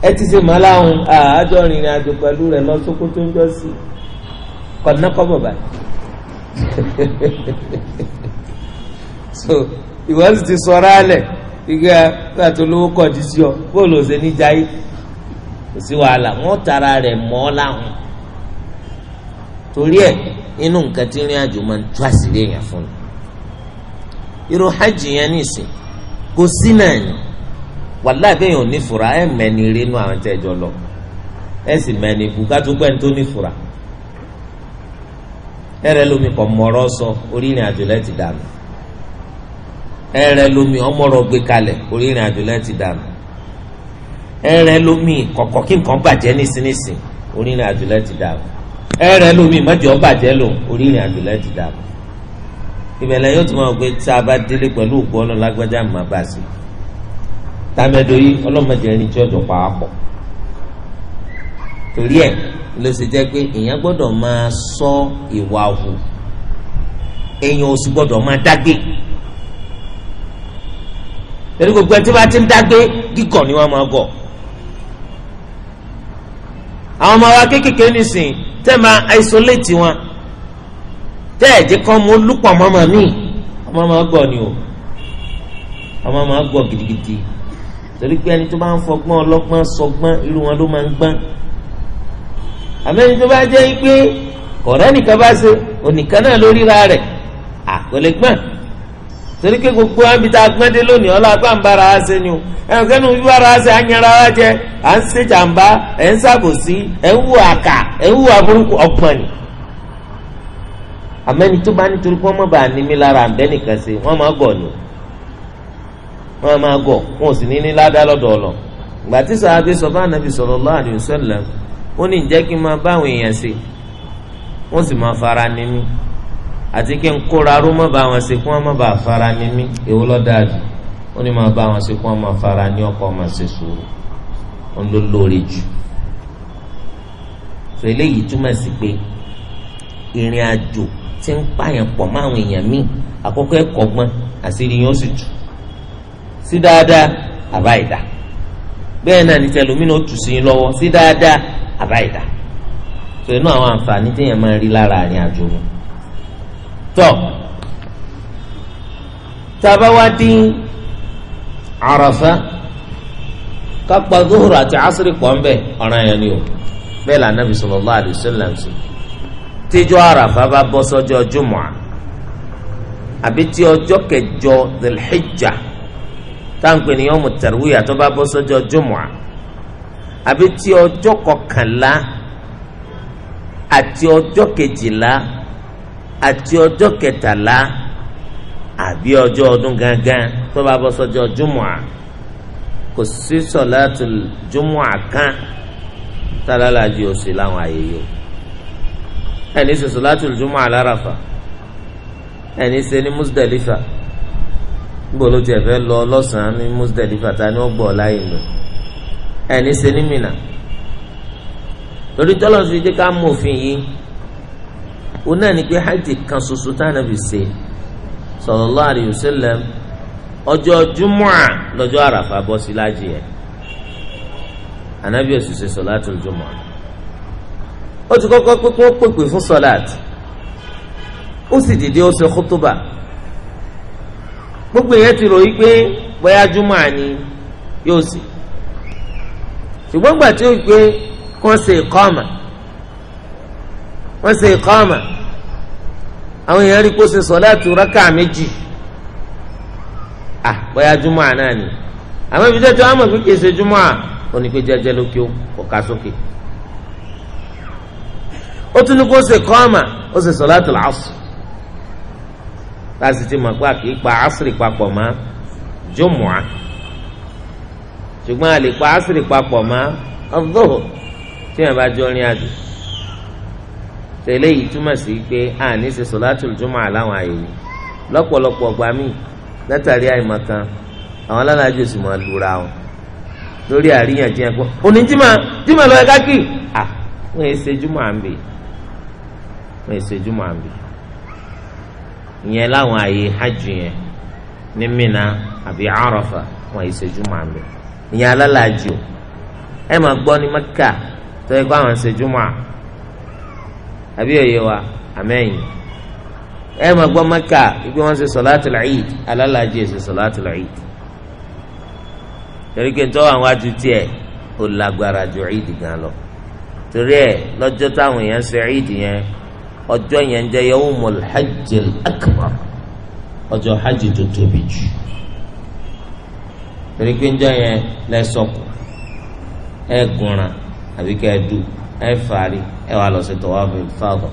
ẹ ti ṣe mọ́ láhùn àjọ rìnrìn àjò pẹ̀lú rẹ̀ lọ Sókótó ń jọ sí kọ̀dínákọ́bọ̀ báyìí so ìwọ sì ti sọ̀rọ̀ alẹ̀ ìgbà pàtó lówó kọ̀dí sí ọ bóòlù ọ̀sẹ̀ níjà yìí kò sí wàhálà wọn tara rẹ̀ mọ́ láhùn torí ẹ̀ inú nǹkan tí rìn àjò máa ń tú àṣírí èèyàn fún mi irú hajj yẹn nìsín kò sí náà ni wàláì n'ifura yóò ní fura rínú àwọn tẹ́jọ lọ ẹ̀ sì mẹ́ni bù kájú pẹ́ tó ní fura rẹ lómi kọ̀ sọ àjò ti dànù ẹ̀ rẹ lómi ọmọrọ̀ gbé kalẹ̀ orí àjò ti dànù ẹ̀ rẹ lómi kọ̀kọ́ kí nǹkan bàjẹ́ ti dànù rẹ lómi bàjẹ́ lò àjò ti dànù ìbẹ̀lẹ̀ yóò tún máa gbé tá a bá délé pẹ̀lú òkú ọlọ́run lágbájá máa bá a sí tàmẹ́dọ̀ yìí ọlọ́mọdé ẹni tí ọjọ́ pa á pọ̀ torí ẹ̀ ló ṣe jẹ́ pé èèyàn gbọ́dọ̀ máa sọ ìwà hù èèyàn ò sì gbọ́dọ̀ máa dágbé torí gbogbo ẹni tí ti ń dágbé gígọ̀ ni wọ́n máa gọ̀ àwọn ọmọ wa kéékèèké nìsín tẹ́ máa isolate wọn tẹ́ẹ̀jẹ́ kọ́ mo lúpọ̀ ọmọ ọmọ mi ọmọ ọmọ gbọ́ ni o ọmọ ọmọ gbọ́ gidigidi torí pé ẹni tó bá ń fọgbọ́n ọlọ́gbọ́n sọgbọ́n irú wọn ló máa ń gbọ́n àmẹ́ni tó bá jẹ́ pé kọ̀ọ̀rẹ́ nìkan bá ṣe onìkan náà lórí ra rẹ̀ àkọlé gbọ́n torí pé gbogbo àbí tá a gbọ́n dé lónìí ọlọ́ àgbà ń ṣe ni o ẹnì kẹ́nu bí bára ṣe àyànra wa jẹ à ń ṣèjàmbá ẹ̀ ń ṣàbòsí ẹ̀ ń wù àkà ẹ̀ ń wù àbúrúkú ọgbọ́n ni àmẹ́ni tó bá nítorí pé wọ́n mọ̀ bá ní mi lára àǹbẹ́nìkan ṣe wọ́n máa gọ̀ ni wọ́n máa gọ̀ wọn ò sì ní ní ládàá lọ́dọ̀ ọ̀lọ́ ìgbà tí sàábé sọ bá nàbì sallallahu alaihi wasallam ó ní ǹjẹ́ kí n máa bá àwọn èèyàn ṣe wọ́n sì máa fara ní mi àti kí n kóra ró mọ́ bá wọn ṣe kí wọ́n mọ́ bá fara ní mi èwo ló dáa jù ó ní máa bá wọn ṣe kí wọ́n máa fara ní ọkọ̀ máa ṣe sùúrù ó ń lò jù so eléyìí túmọ̀ sí pé ìrìn àjò ti ń pààyàn pọ̀ mọ́ àwọn èèyàn míì àkọ́kọ́ ẹ̀kọ́ gbọ́n àṣírí yẹn ó sì tù sí dáadáa àbá ìdá bẹ́ẹ̀ náà ni tẹlómìnà ó tù sí yín lọ́wọ́ sí dáadáa àbá ìdá tó inú àwọn àǹfààní téèyàn máa rí lára àárín àjò wọn. tọ́ tábà wá dín àràfá kápá zuhur àti asiri pọ̀ ń bẹ̀ ọ̀ràn yẹn ni o bẹ́ẹ̀ lànà bisalòlá àdìsílẹ̀ ṣe tíjọ́ àràfà bá bọ́ sọ́jọ́ jùmọ̀ àbí tí ọjọ́ kẹjọ zilhijja táǹpẹ̀ ní yọmù tarwiyya tó bá bọ́ sọ́jọ́ jùmọ̀ àbí tí ọjọ́ kọkànlá àti ọjọ́ kejìlá àti ọjọ́ kẹtàlá àbí ọjọ́ ọdún gangan tó bá bọ́ sọ́jọ́ jùmọ̀ kò sí sọ̀láàtù jùmọ̀ kan tálálàájú òsì láwọn àyè yìí ẹni ṣe solatul jumu'a alárafà ẹni ṣe ní Musdalifa níbo ló tiẹ̀ fẹ́ lọ lọ́sàn-án ní Musdalifa ta ni ó gbọ́ láyé lò ẹni ṣe ní Mina lórí tọ́lọ̀ fi jẹ́ ká mú òfin yìí ó náà ní pé hajj kan ṣoṣo tá a nàbì ṣe sallallahu alayhi wa sallam ọjọ́ jumu'a lọ́jọ́ àràfà bọ́ sí lájì yẹn anabi òsì ṣe solatul jumu'a ó ti kọ́kọ́ pé kí wọ́n pèpè fún sọ́láàt ó sì dìde ó ṣe kútúbà gbogbo yẹn ti ròyìn pé bóyá júmọ̀ àní yóò sì ṣùgbọ́n gbà tí ó gbé kí wọ́n ṣe ìkọ́ọ̀mà wọ́n ṣe ìkọ́ọ̀mà àwọn èèyàn rí kó ṣe sọ́láàt rákà méjì à ah, bóyá júmọ̀ àná ni àmọ́ ibi tẹ́tí wọ́n mọ̀ pé kì í ṣe júmọ̀ à ó ní pé jẹ́jẹ́ lókè ó kò ká sókè. Okay ó tún ní kó ṣe kọ́ọ̀mà ó ṣe sọ̀láàtì làásù láti ti mọ̀ pé àkì í pa àásìrì papọ̀ mọ́ jùmùá ṣùgbọ́n a lè pa àásìrì papọ̀ mọ́ ọ̀dọ́ tí yẹn bá jọ rìn àjò tẹ̀lé yìí túmọ̀ sí pé a ní ṣe sọ̀láàtì jùmùá láwọn àyè yìí lọ́pọ̀lọpọ̀ ọgbà míì látàrí àìmọ̀ kan àwọn alálàájò sì máa lura wọn lórí àríyànjiyàn pọ̀ òní jimá lọ́ọ́ ẹ̀ká kì í à wọ́n yẹ ṣe jùmọ̀ à ń bèè wọn èsè jùmọ̀ àbí ìyẹn láwọn àyè hajj yẹn ní Mina àbí Arafa wọn èsè jùmọ̀ àbí ìyẹn alálàájì o ẹ máa gbọ́ ní Mẹ́kà tó yẹ kó àwọn èsè jùmọ̀ àbí òye wa àmẹ́yìn ẹ máa gbọ́ Mẹ́kà ibi wọ́n ṣe Salatul Eid alálàájì èsè Salatul Eid torí pé ntọ́ àwọn adu tiẹ̀ ó lágbára ju ẹ̀ẹ́dì gan lọ torí ẹ̀ lọ́jọ́ táwọn èèyàn ṣe ẹ̀ẹ́dì yẹn ọjọ́ yẹn jẹ́ yawmul hajjil akbar ọjọ́ hajj tó tóbi jù torí pé njọ́ yẹn lẹ́sọ̀kù ẹ gùnràn àbí kẹ́ ẹ dù ẹ fàárí ẹ wà lọ sí tọ́wáfù ìfàgọ́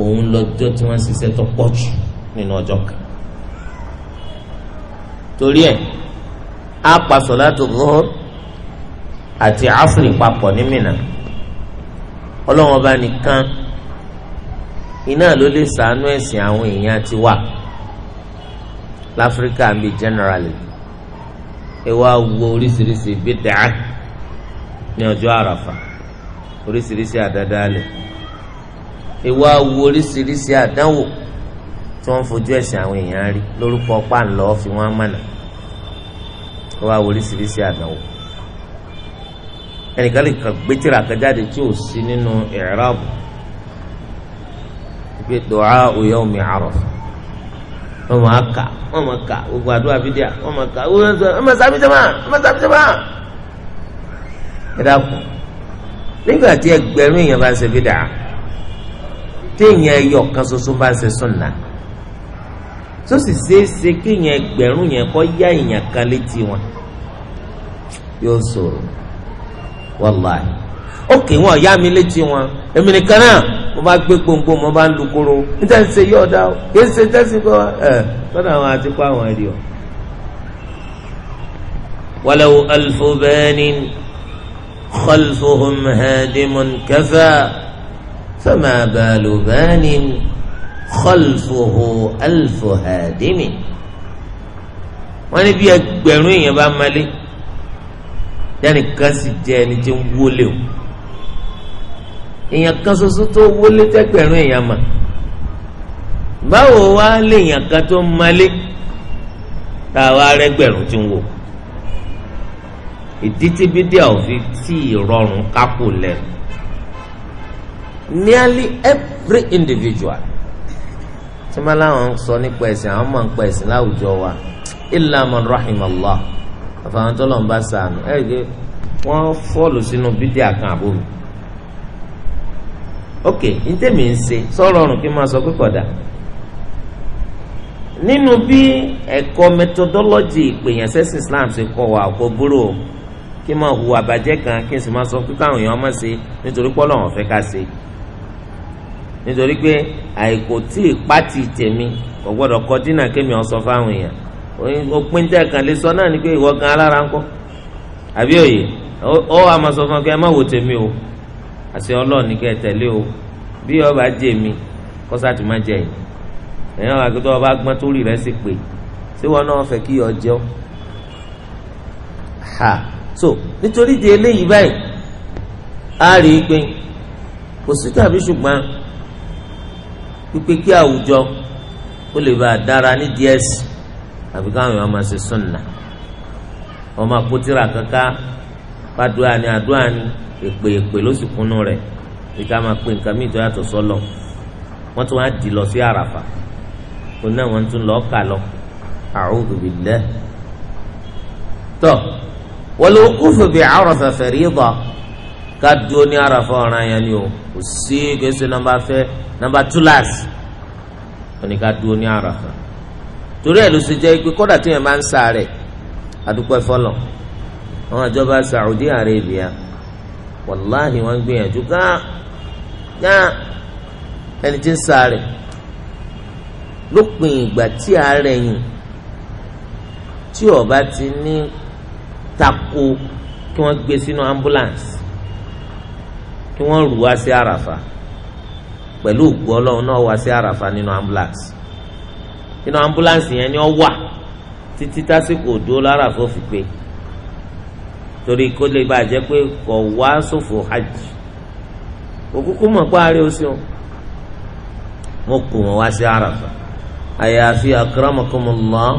òun lọ́jọ́ tí wọ́n ṣiṣẹ́ tó pọ̀ jù nínú ọjọ́ kan torí ẹ̀ á pa sọ̀látù zuhur àti áfìrì papọ̀ ní Mínà ọlọ́wọ́n bá nìkan iná ló lè sàánú ẹ̀sìn àwọn èèyàn ti wà láfíríkà ń generally ẹ wá wo oríṣiríṣi bídàá ní ọjọ́ àràfà oríṣiríṣi àdádálẹ̀ ẹ wá wo oríṣiríṣi àdánwò tí wọ́n ń fojú ẹ̀sìn àwọn èèyàn rí lórúkọ páńlọ́ fi wọ́n mọ̀nà ẹ wá wo oríṣiríṣi àdánwò ẹnìkan lè kàn gbé tìrà jáde tí ò sí nínú ìrọ́bù pé du'a yawmi Arafa wọ́n máa kà wọ́n máa kà gbogbo àdúrà bídíà wọ́n máa kà wọ́n máa sábì jẹ́ máa wọ́n máa sábì jẹ́ máa. ẹ dákun nígbà tí ẹgbẹ̀rún èèyàn bá ń ṣe bídà téèyàn ẹyọ kan ṣoṣo bá ń sunna tó sì kéèyàn ẹgbẹ̀rún yẹn kọ́ yá èèyàn kan létí wọn yóò ṣòro wàláì ókè wọn yá mi létí wọn èmi nìkan náà mo bá gbé gbòǹgbò mo bá ń lu koro níta ṣe yí ọ̀dà o kì í ṣe tẹ́sí pé ẹ lọ́dọ̀ àwọn àti kó àwọn ẹ̀rí o. walaw alfu banin khalfuhum hadimun kafa fama balu banin khalfuhu alfu hadimin. wọ́n ní bí ẹgbẹ̀rún èèyàn bá malé yánnì kan jẹ́ ẹni tí ń wọlé o. èèyàn kan ṣoṣo tó wọlé tẹ́gbẹ̀rún èèyàn mà báwo wá léèyàn kan tó malé tá a wá rẹ́gbẹ̀rún tí ń wò ìdí tí bídíà ò tí ìrọ̀rùn kápò lẹ́nu nearly every individual tí wọ́n láwọn sọ nípa àwọn máa ń pa láwùjọ wa illa rahim Allah àfàwọn tó bá sànù sínú ok ntẹ̀mí ń ṣe sọ̀rọ̀ ọ̀run kí n máa sọ pé kódà nínú bí ẹ̀kọ́ methodology ìpèyàn sẹ́sìn Islam ṣe kọ́ wa kò búrò kí n máa hu àbàjẹ́ kan kí n sì máa sọ pé káwọn èèyàn máa ṣe nítorí pé Ọlọ́run fẹ́ ká ṣe nítorí pé àìkò tí ìpátì tèmi kò gbọ́dọ̀ kọ́ dínà kémi fáwọn èèyàn òpin ọ pé ẹ má wo tèmi àti ọlọ́ọ̀ni kẹ́ ẹ tẹ̀lé o bí ọba jẹ mi kọ́sá tó má jẹ yìí ẹ̀yin ọba kí ọba gbọ́n tó rí rẹ̀ sì pé ṣé wọn náà fẹ́ kí yọ jẹ́ ha so nítorí di eléyìí báyìí a rí i pé kò sí tàbí ṣùgbọ́n pípé kí àwùjọ ó lè bá a dára ní díẹ̀ sí àbí káwọn èèyàn máa ṣe sunna wọn máa kó kankan bá dùn àní àdúrà ni èpè èpè ló sì kúnnú rẹ̀ ìka máa pe nǹkan míì tó yàtọ̀ sọ́lọ̀ wọ́n tún wá dì lọ sí àràfà kó náà wọ́n tún lọ́ọ́ kà lọ a'udhu billah tọ́ wọ́n lọ kúfù bí àràfà fariida ká dúró ní àràfà ọ̀ràn yẹn ni o kò sí kéésì nàmbà fẹ́ nàmbà túláàsì wọ́n ní ká dúró ní àràfà torí ẹ̀ ló ṣe jẹ́ pé kódà tí yẹn máa ń sáré àdúpẹ́ fọlọ́ àwọn ìjọba Saudi Arabia wàláhì wọ́n ń gbìyànjú gán gán ẹni tí ń sáré lópin ìgbà tí ààrẹ yìí tí ọba ti ní tako kí wọ́n gbé sínú ambulance kí wọ́n rù wá sí àràfà pẹ̀lú ògbó ọlọ́run náà wá sí àràfà nínú ambulance nínú ambulance yẹn ni ó wà títí tásìkò òdó láràfà ó fi pé torí kó lè bá jẹ́ pé kò wá ṣòfò hajj òkúkú mọ̀ páàrí o ṣeun mo kù wọn wá sí àràfà àyàfi akramakumullah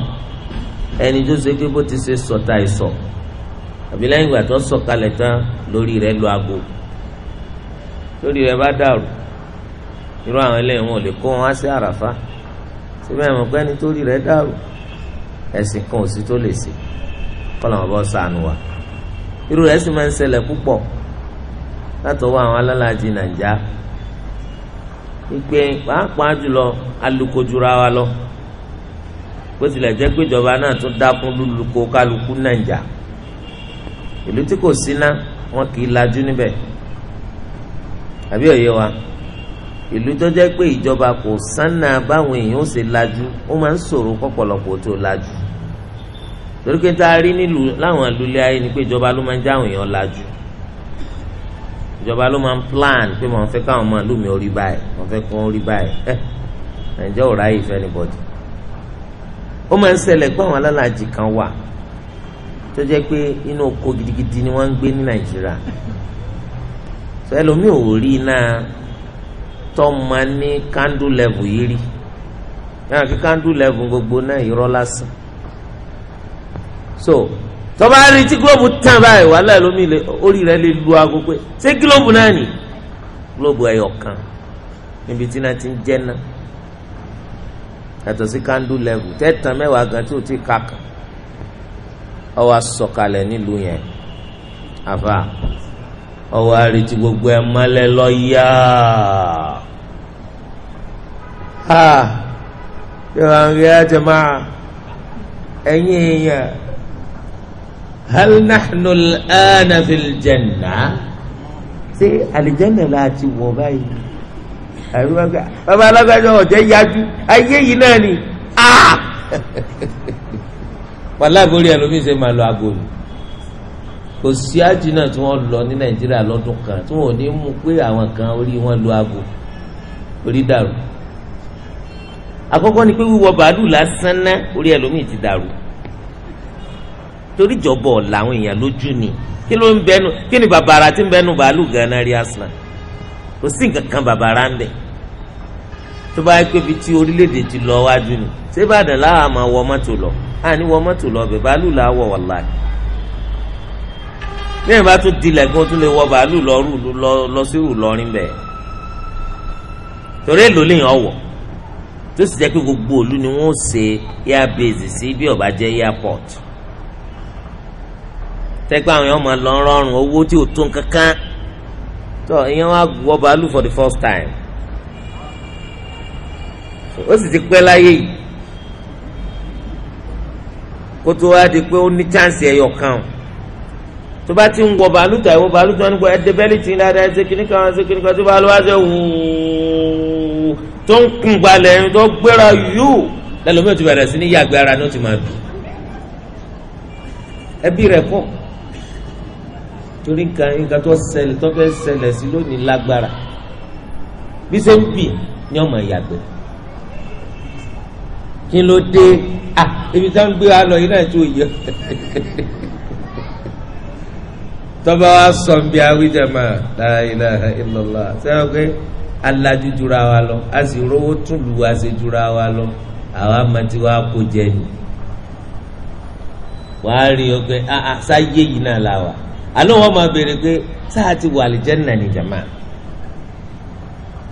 ẹni tó ṣe pé bó ti ṣe sọta ìsọ àbí lẹ́yìn ìgbà tó sọ̀kalẹ̀ tán lórí rẹ̀ lu aago lórí rẹ̀ bá dàrú irú àwọn eléyìí wọn ò lè kó wọn wá sí àràfà síbẹ̀ mọ̀ pé ẹni tó rí rẹ̀ dàrú ẹ̀sìn kan ò sí tó lè ṣe kọ́ làwọn bọ́ sànù wa irú rẹ̀ sì máa ń ṣẹlẹ̀ púpọ̀ látọwọ́ àwọn alálàájì nàìjà wípé pàápàá jùlọ alukojura wa lọ bó tilẹ̀ jẹ́ pé ìjọba náà tún dákún lúlukó kálukú nàìjà ìlú tí kò síná wọn kì í lajú níbẹ̀ àbí òye wa ìlú tó jẹ́ pé ìjọba kò sánà báwọn èèyàn ó ṣe lajú ó máa ń ṣòro kọ́pọ̀lọpọ̀ tó lajú torí pé tá a rí nílùú láwọn ìlúlé ayé ni pé ìjọba ló máa ń jáwọn èèyàn lajú ìjọba ló máa ń plan pé mo fẹ́ káwọn ọmọ ìlú mi orí báyìí mo fẹ́ kún orí báyìí ẹ eh, nàìjẹ́ ò ráyè ìfẹ́ ní bọ́dì ó máa ń ṣẹlẹ̀ pé àwọn alálàájì kan wà tó jẹ́ pé inú oko gidigidi ni wọ́n ń gbé ní nàìjíríà sọ ẹlòmíì ò rí iná tọ́ máa ní candle level yìí rí yàrá kí candle level gbogbo náà irọ́ lásán so tọ́ba rí tí gílóòbù tàn báyìí wàhálà lómi lè orí rẹ̀ lè lu aago pé ṣé gílóòbù náà nì gílóòbù ẹyọ kan níbi tí náà ti ń jẹ́ náà yàtọ̀ sí kandu level tẹ́tàn mẹ́wàá gan tí o ti kàkà ọwọ́ asọ̀kalẹ̀ nílùú yẹn àfà ọwọ́ àrètí gbogbo ẹ̀ mọ́lẹ̀ lọ́yà ha yọ̀wá ń rí ẹ̀jẹ̀ máa ẹ̀yìn èèyàn. هل نحن الآن في الجنة؟ janna الجنة لا la ti wọ̀ لا àríwájú bàbá alágbájọ ọ̀jẹ̀ yájú ayé yìí náà ni wàhálà ìgbórí ẹlòmíín ṣe máa lọ aago ni kò sí ájì náà tí wọ́n lọ ní nàìjíríà lọ́dún kan tí wọ́n ò ní mú pé àwọn kan orí wọn lọ aago orí dàrú àkọ́kọ́ ni pé wíwọ bàálù lásán ná orí ẹlòmíín ti dàrú torí jọ̀bọ̀ làwọn èèyàn lójú ni kí ló ń bẹnu kí ni bàbàrà tí ń bẹnu bàálù gánà rí aslan kò sí nǹkan kan bàbàrà ń bẹ tó bá yẹ pé ibi tí orílẹ̀-èdè ti lọ wájú ni ṣé Ìbàdàn láwa máa wọ mọ́tò lọ a ní wọ mọ́tò lọ bẹ̀ bàálù là á wọ̀ wàláì lẹ́yìn bá tún dilẹ̀ gan tún lè wọ bàálù lọ sí Ìlọrin bẹ́ẹ̀ torí èlò lèyìn ọ̀wọ̀ tó sì jẹ́ pé gbogbo òlu ni wọ́n ṣe air base sí bí ó bá jẹ́ airport tẹ́gbẹ́ àwọn èèyàn máa lọ rọrùn owó tí ò tó kankan tó èèyàn wá wọ bàálù for the first time ó sì ti pẹ́ láyé yìí kó tó wá di pé ó ní chance ẹ̀yọ̀ kan tó bá ti ń wọ bàálù tó àìwọ bàálù tó ń gbọ ẹdẹ bẹ́ẹ̀lì tì ń dáadáa ẹsẹ̀ kìnnìkan ẹsẹ̀ kìnnìkan tó bá lọ́wọ́ ẹsẹ̀ wòó tó ń kun gbalẹ̀ ẹni tó gbéra yóò lẹ́lọ́mí ò ti bẹ̀rẹ̀ sí ní yàgbé ara ni ó ti máa dùn ẹbí rẹ̀ pọ̀ torí kan nǹkan tó ṣẹlẹ̀ tó fẹ́ ṣẹlẹ̀ sí lónìí lágbára bí ṣe ń bì ní ọmọ ìyàgbẹ́ kí ló dé à ibi tá ń gbé wa lọ yìí náà tó yẹ tọ́ba wa sọ bí awíjàmá la ilaha illallah sẹ́wọ́n pé alájú jura wa lọ a sì rówó túlù wa ṣe jura wa lọ àwa mọ̀tí wa kó jẹ ni wàá rí o pé sáyé ah, ah, yìí náà la wà àlọ́ wọn máa béèrè pé sáà ti wà àlìjẹ́nà ní jàmá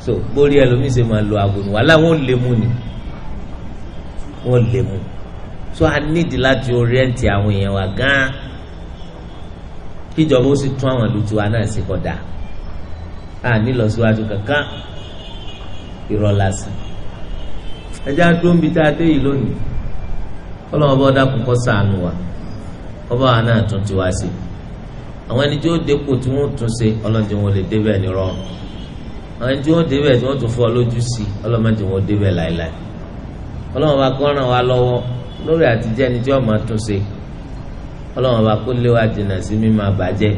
so bórí ẹlòmíì ṣe máa lo àgùnù wàhálà wọn lè mú ni wọn lè mú so a nídìí láti oriẹ́ǹtì àwọn èèyàn wa gan-an kíjọba ó sì tún àwọn ìlú tiwa náà sí kódà a nílọsíwájú kankan irọ́ lásán ẹja tó ń bi tá a dé yìí lónìí ọlọ́mọba ọ̀dà kò kọ́ sànù wa ọba wa náà tún tiwa sí i àwọn ẹni tí ó dépò tí wọ́n tún ṣe ọlọ́dún wọn lè débẹ̀ ní rọrùn àwọn ẹni tí wọ́n débẹ̀ tí wọ́n tún fọ́ lójú sí ọlọ́mọdé wọn débẹ̀ láéláé ọlọ́wọ́n bá kọ́ ràn wá lọ́wọ́ lórí àtijọ́ ẹni tí wọ́n máa tún ṣe ọlọ́wọ́n bá kó lé wa dènà sí mímọ́ àbàjẹ́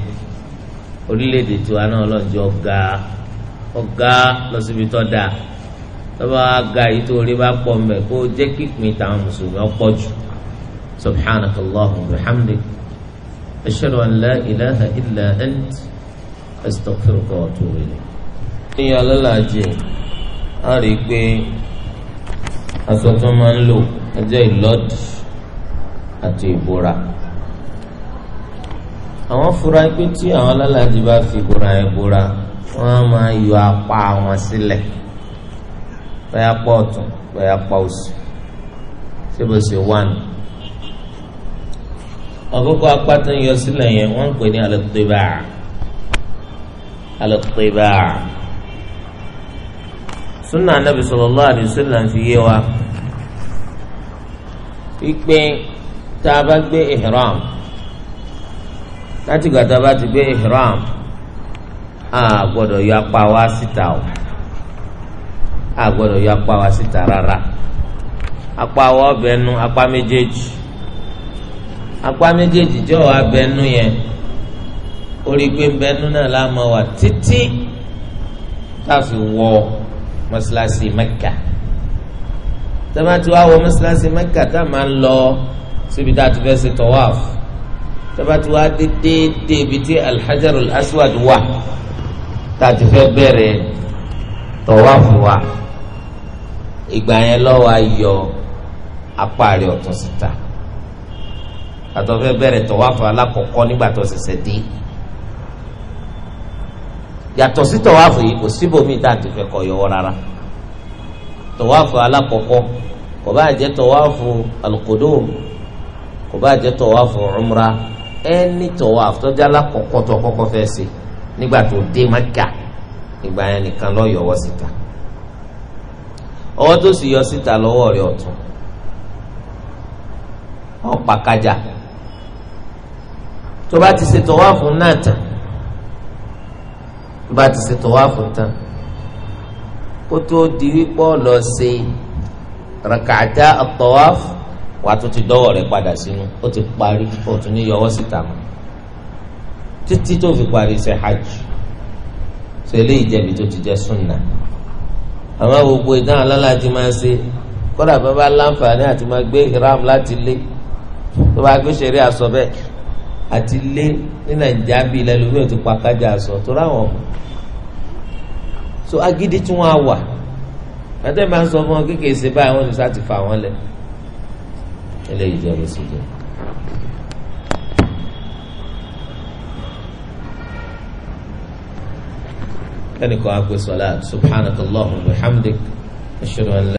orílẹ̀-èdè tiwa náà ọlọ́njọ́ ọ̀gá ọ̀gá lọ́sibítọ́ dáa lọ́ba aga yìí tó rí bá pọ̀ mbẹ́ kó jẹ́ kíkùn ìtàn mùsùlùmí ọ̀pọ̀ jù subhanakallahumma wa bihamdik ashhadu an la ilaha illa ant astaghfiruka wa atubu ilayk. ní alálàájì a rí i pé aṣọ tó máa ń lò ẹjẹ́ ìlọ́dì àti ìbora àwọn fura pé tí àwọn alálàájì bá fi ìbora yẹn bora wọ́n á máa yọ apá wọn sílẹ̀ bóyá apá ọ̀tún bóyá apá òsì síbòsì wà ọkọ̀kọ̀ apá tó ń yọ sílẹ̀ yẹn wọ́n ń pè ní alẹ́tẹ̀bà alẹ́tẹ̀bà sunna anabi sallallahu alaihi wasallam fi yé wa wípé tá a bá gbé ihram láti gbà tá a bá ti gbé ihram a gbọ́dọ̀ yọ apá wa síta o a gbọ́dọ̀ yọ apá wa síta rárá apá wa ọbẹ̀ nu apá méjèèjì apá méjèèjì jọ abẹnú yẹn orí pé nbẹnú náà la máa wà títí káfi wọ mọ́ṣáláṣí mẹ́kà tẹ́mátì wá wọ mọ́ṣáláṣí mẹ́kà tá a máa ń lọ síbi tá a ti fẹ́ ṣe tọ́wáf tẹ́mátì wá dédéédé ibi tí alhajarul aswad wà tá a ti fẹ́ bẹ̀rẹ̀ tọ́wáf wa ìgbà yẹn lọ́wọ́ ayọ̀ apá rẹ̀ ọ̀tún síta àtọ́fẹ́ bẹ̀rẹ̀ tọ̀wáfù alákọ̀ọ́kọ́ nígbà tó ṣẹ̀ṣẹ̀ dé yàtọ̀ sí tọ̀wáfù yìí kò síbòmí tá a ti fẹ́ kọ̀ yọwọ́ rárá tọ̀wáfù alákọ̀ọ́kọ́ kò bá jẹ́ tọ̀wáfù alqudum kò bá jẹ́ tọ̀wáfù umra ẹni tọ̀wáfù tọ́jú alákọ̀ọ́kọ́ tó kọ́kọ́ fẹ́ ṣe nígbà tó dé Mákà ìgbà yẹn nìkan ló yọwọ́ síta ọwọ́ tó sì yọ síta lọ́wọ́ tó bá ti ṣe tọwáfù náà tán tó bá ti ṣe tọwáfù tán kó tó di wípọ́ lọ ṣe rakata àtọwáfù wà tó ti dọ́wọ́ rẹ̀ padà sínú ó ti parí ó tún ní yọwọ́ síta mọ́ títí tó fi parí ṣe hajj ṣe lè jẹ̀bi tó ti jẹ́ sunna àmọ́ gbogbo ìdáhùn alálàájì máa ń ṣe kódà bàbá láǹfààní àti máa gbé ìram láti lé tó bá gbé ṣeré àsọ bẹ́ẹ̀ àti lé ní nàìjíríà bíi lẹ́lómi ò ti pa kájà sọ tó ráwọn ọmọ so agídí tí wọ́n á wà àtẹ̀yìn máa ń sọ fún wọn kékeré ṣe báyìí wọ́n ti sá ti fà wọ́n lẹ̀ eléyìí jẹ́ lọ́sọ̀ jẹ́. كان يكون سبحانك اللهم وبحمدك أشهد أن